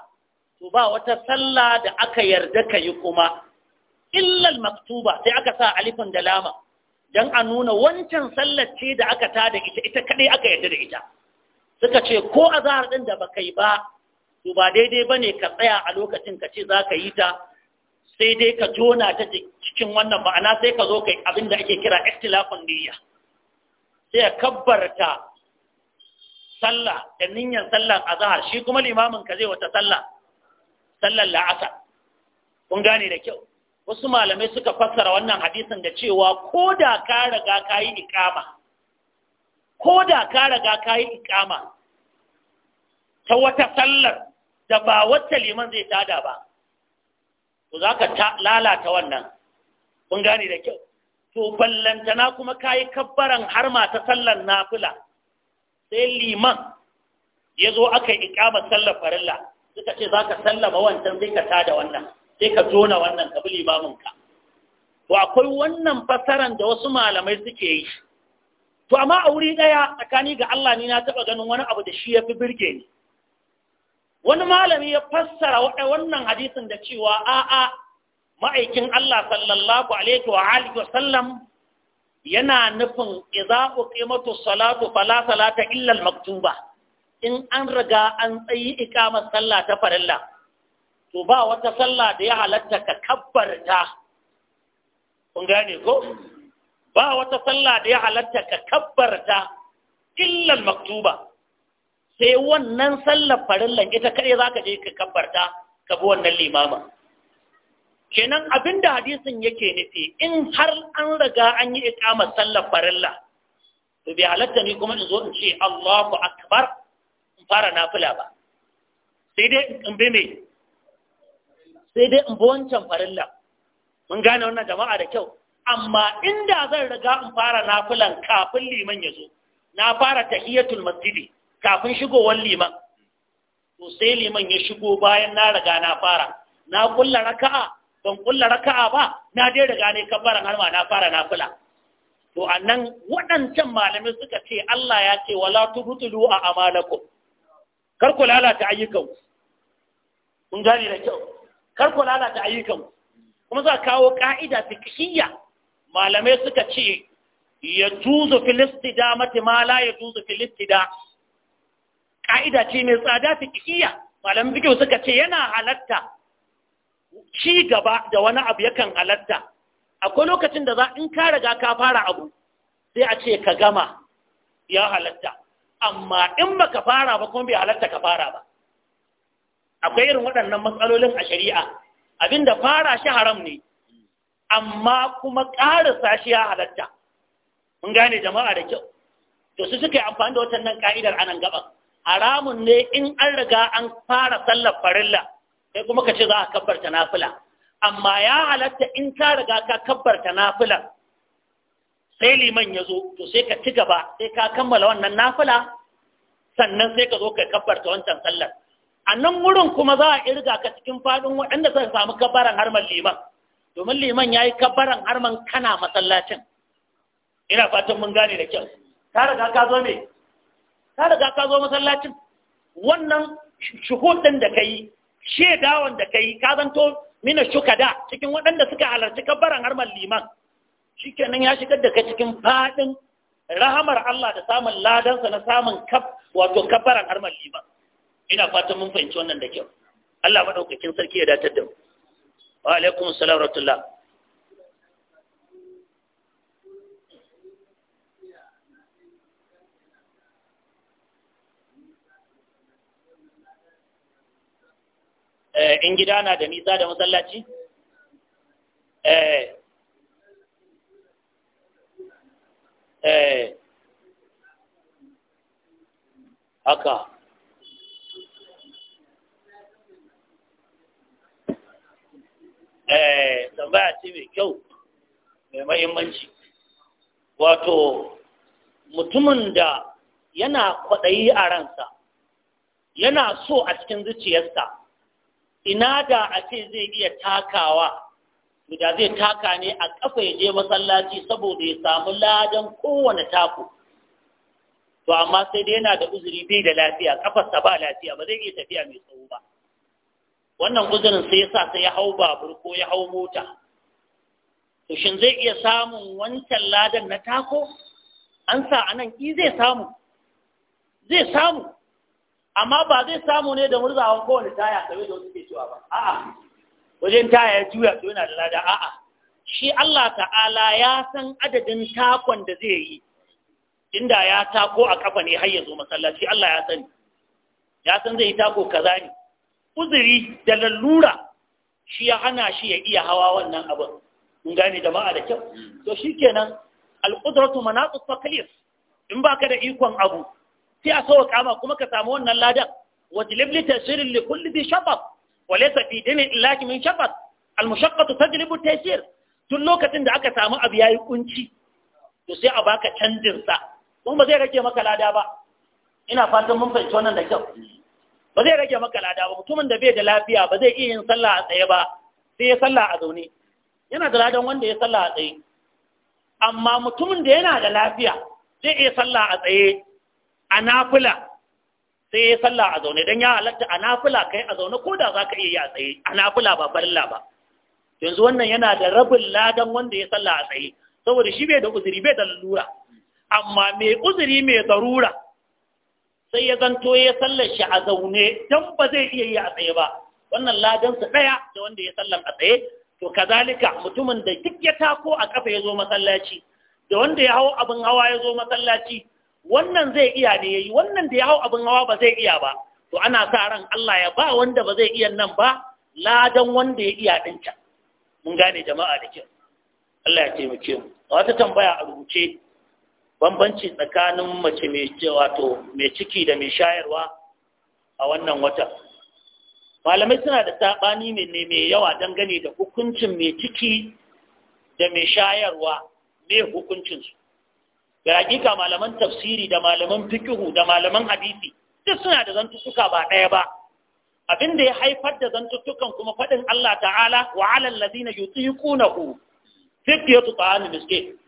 to ba wata sallah da aka yarda ka yi kuma illa al-maktuba sai aka sa alifin da lama dan a nuna wancan sallar ce da aka tada ita ita kadai aka yarda da ita suka ce ko azahar din da baka yi ba to ba daidai ba ne ka tsaya a lokacin ka ce za ka yi ta sai dai ka tona ta cikin wannan ma'ana sai ka zo kai abin da ake kira ikhtilafun niyya sai ya kabbarta sallah da niyyar sallan azhar shi kuma limamin ka zai wata sallah sallar la'asar kun gane da kyau wasu malamai suka fassara wannan hadisin da cewa ko da ka riga ka yi iqama ko ka riga ka yi iqama ta wata sallar da ba wacce liman zai tada ba to za ka lalata wannan kun gane da kyau to ballantana kuma ka yi kabbaran har ta sallar nafila sai liman ya zo aka yi ikamar sallar farilla suka ce za ka sallama wancan sai ka tada wannan sai ka tona wannan ka bi limaminka to akwai wannan fasaran da wasu malamai suke yi to amma a wuri ɗaya tsakani ga Allah ni na taɓa ganin wani abu da shi ya fi birge ni wani malami ya fassara wannan hadisin da cewa a'a ma'aikin Allah sallallahu alaihi wa alihi sallam yana nufin idza uqimatu salatu fala salata illa al-maktuba in an riga an tsayi ikamar sallah ta farilla to ba wata sallah da ya halatta ka kabbarta kun gane ko ba wata sallah da ya halatta ka kabbarta illa al-maktuba sai wannan sallar farillan ita kare za ka je ka kabbarta ka bi wannan limama kenan abinda hadisin yake nufi in har an riga an yi ikama sallar farilla to bai halatta ni kuma in zo in ce Allahu akbar in fara nafila ba sai dai in bi me sai dai in bi wancan farilla mun gane wannan jama'a da kyau amma inda zan riga in fara nafilan kafin liman ya zo na fara tahiyatul masjidi kafin shigowar liman to sai liman ya shigo bayan na riga na fara na kulla raka'a ban kulla raka'a ba na dai riga ne kabbaran harma na fara na kula to annan waɗancan malamai suka ce Allah ya ce wala tubtulu a amalakum kar ku lalata ayyukan kun gani da kyau kar ku lalata ayyukan kuma za kawo ka'ida fikiyya malamai suka ce ya tuzo filistida da mati ma la ya tuzo filistida. Ka'ida ce mai tsada fiqhiyya Malam fiqh suka ce yana halatta ci gaba da wani abu yakan halatta akwai lokacin da za in ka riga ka fara abu sai a ce ka gama ya halatta amma in ba ka fara ba kuma bai halatta ka fara ba akwai irin waɗannan matsalolin a shari'a da fara shi haram ne amma kuma ƙarasa shi ya halatta mun gane jama'a da kyau to su suka yi amfani da waɗannan ƙa'idar ka'idar a nan gaban haramun ne in an riga an fara sallar farilla sai kuma ka ce za a kabbarta nafila amma ya halatta in ka riga ka kabbarta nafila sai liman ya zo to sai ka ci gaba sai ka kammala wannan nafila sannan sai ka zo ka kabbarta wancan sallar a nan wurin kuma za a irga ka cikin faɗin waɗanda suka samu kabbaran harman liman domin liman ya yi kabbaran harman kana masallacin ina fatan mun gane da kyau ka riga ka zo ne ka riga ka zo masallacin wannan shuhudin da kai shedawan da kai ka zanto mina shukada cikin waɗanda suka halarci kabbaran harman liman shikenan ya shigar da kai cikin faɗin rahamar Allah da samun ladansa na samun kaf wato kabbaran harman liman ina fatan mun fahimci wannan da kyau Allah madaukakin sarki ya datar da mu wa alaikum assalam wa rahmatullah in gida na da nisa da masallaci eh eh haka eh tambaya ce mai kyau mai mahimmanci wato mutumin da yana kwaɗayi a ransa yana so a cikin zuciyarsa ina da a ce zai iya takawa da zai taka ne a kafa ya je masallaci saboda ya samu ladan kowane taku. to amma sai dai yana da uzuri bai da lafiya kafarsa ba lafiya ba zai iya tafiya mai tsawo ba wannan uzurin sai yasa sai ya hau babur ko ya hau mota to shin zai iya samun wancan ladan na tako an sa anan ki zai samu zai samu amma ba zai samu ne da murzawan kowane taya kamar da wasu ke cewa ba a'a wajen taya ya juya to yana da lada a'a shi Allah ta'ala ya san adadin takon da zai yi inda ya tako a kafa ne har ya zo masallaci Allah ya sani ya san zai yi tako kaza ne uzuri da lallura shi ya hana shi ya iya hawa wannan abin mun gane jama'a da kyau to shikenan al-qudratu manaqis taqlis in baka da ikon abu sai a sauwa kama kuma ka samu wannan ladan wajlib li tasirin li kulli bi shafaq wa laysa fi dini illaki min shafaq al mushaqqatu tajlibu tasir tun lokacin da aka samu abu yayi kunci to sai a baka canjin sa kuma ba zai rage maka lada ba ina fatan mun fahimci wannan da kyau ba zai rage maka lada ba mutumin da bai da lafiya ba zai iya yin sallah a tsaye ba sai ya sallah a zaune yana da ladan wanda ya sallah a tsaye amma mutumin da yana da lafiya zai iya sallah a tsaye a nafila sai ya salla a zaune don ya halatta a kai a zaune ko da za ka iya yi a tsaye a ba barilla ba yanzu wannan yana da rabin ladan wanda ya salla a tsaye saboda shi bai da uzuri bai da lura amma mai uzuri mai zarura sai ya zanto ya sallar shi a zaune don ba zai iya yi a tsaye ba wannan ladansa ɗaya da wanda ya sallar a tsaye to kazalika mutumin da duk ya tako a kafa ya zo masallaci da wanda ya hau abin hawa ya zo masallaci wannan zai iya ne yayi wannan da ya hau abin hawa ba zai iya ba to ana sa ran Allah ya ba wanda ba zai iya nan ba ladan wanda ya iya dinka. mun gane jama'a da kyau Allah ya taimake mu wata tambaya a rubuce bambanci tsakanin mace mai wato mai ciki da mai shayarwa a wannan wata malamai suna da saɓani ne mai yawa dangane da hukuncin mai ciki da mai shayarwa mai hukuncinsu da hakika malaman tafsiri da malaman fikihu da malaman hadisi duk suna da zantuttuka ba ɗaya ba abin da ya haifar da zantuttukan kuma faɗin Allah ta'ala wa alal ladina yutiqunahu fikiyatu ta'am miskin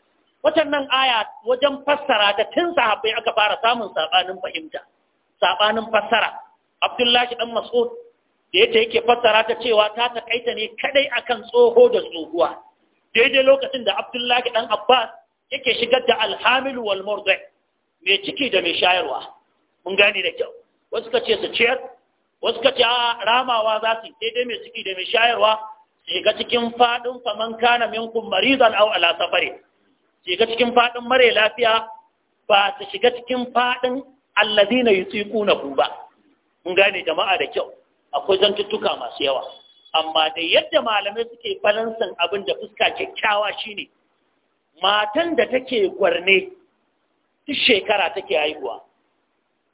wannan aya wajen fassara da tun sahabbai aka fara samun sabanin fahimta sabanin fassara Abdullahi dan Mas'ud da yake yake fassara ta cewa ta takaita ne kadai akan tsoho da tsohuwa daidai lokacin da Abdullahi dan Abbas yake shigar da alhamil wal murdi mai ciki da mai shayarwa mun gane da kyau wasu ka ce su ciyar wasu ka ce a ramawa za su sai dai mai ciki da mai shayarwa su shiga cikin fadin faman kana minkum marizan aw ala safari su shiga cikin fadin mare lafiya ba su shiga cikin fadin alladina yusiquna ku ba mun gane jama'a da kyau akwai zantuttuka masu yawa amma da yadda malamai suke balansan abin da fuska kyakkyawa shine matan da take gwarne duk shekara take haihuwa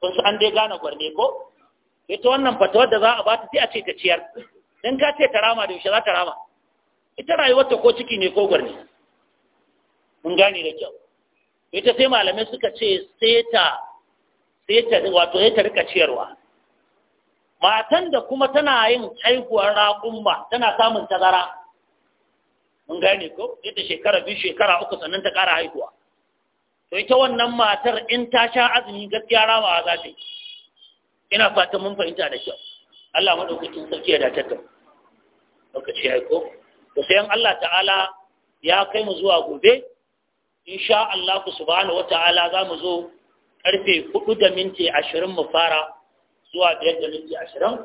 kun su an dai gane gwarne ko ita wannan fatawar da za a bata sai a ce ta ciyar dan ka ce ta rama da yaushe za ta rama ita rayuwarta ko ciki ne ko gwarne mun gane da kyau ita sai malamai suka ce sai ta sai ta wato sai ta rika ciyarwa matan da kuma tana yin haihuwar raƙumma tana samun tazara mun gane ko ita shekara biyu shekara uku sannan ta ƙara haihuwa to ita wannan matar in ta sha azumi gaskiya ramawa za ta yi ina fatan mun fahimta da kyau Allah madaukakin sarki ya dace da lokaci ya ko to sai Allah ta'ala ya kai mu zuwa gobe insha Allah subhanahu wata'ala za mu zo karfe 4 da minti 20 mu fara zuwa 5 da minti 20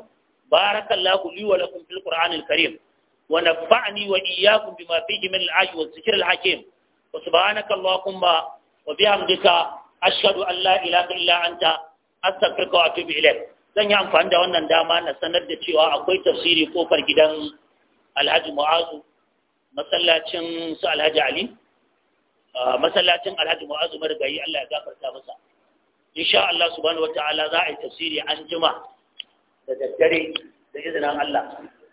barakallahu li wa lakum fil qur'anil karim ونفعني وإياكم بما فيه من الآي والذكر الحكيم وسبحانك اللهم وبحمدك أشهد أن لا إله إلا أنت أستغفرك وأتوب إليك zan yi amfani da wannan dama na sanar da cewa akwai tafsiri kofar gidan alhaji mu'azu masallacin su alhaji ali masallacin alhaji mu'azu marigayi allah ya gafarta masa insha allah subhanahu ta'ala za a yi tafsiri an jima da daddare da izinin allah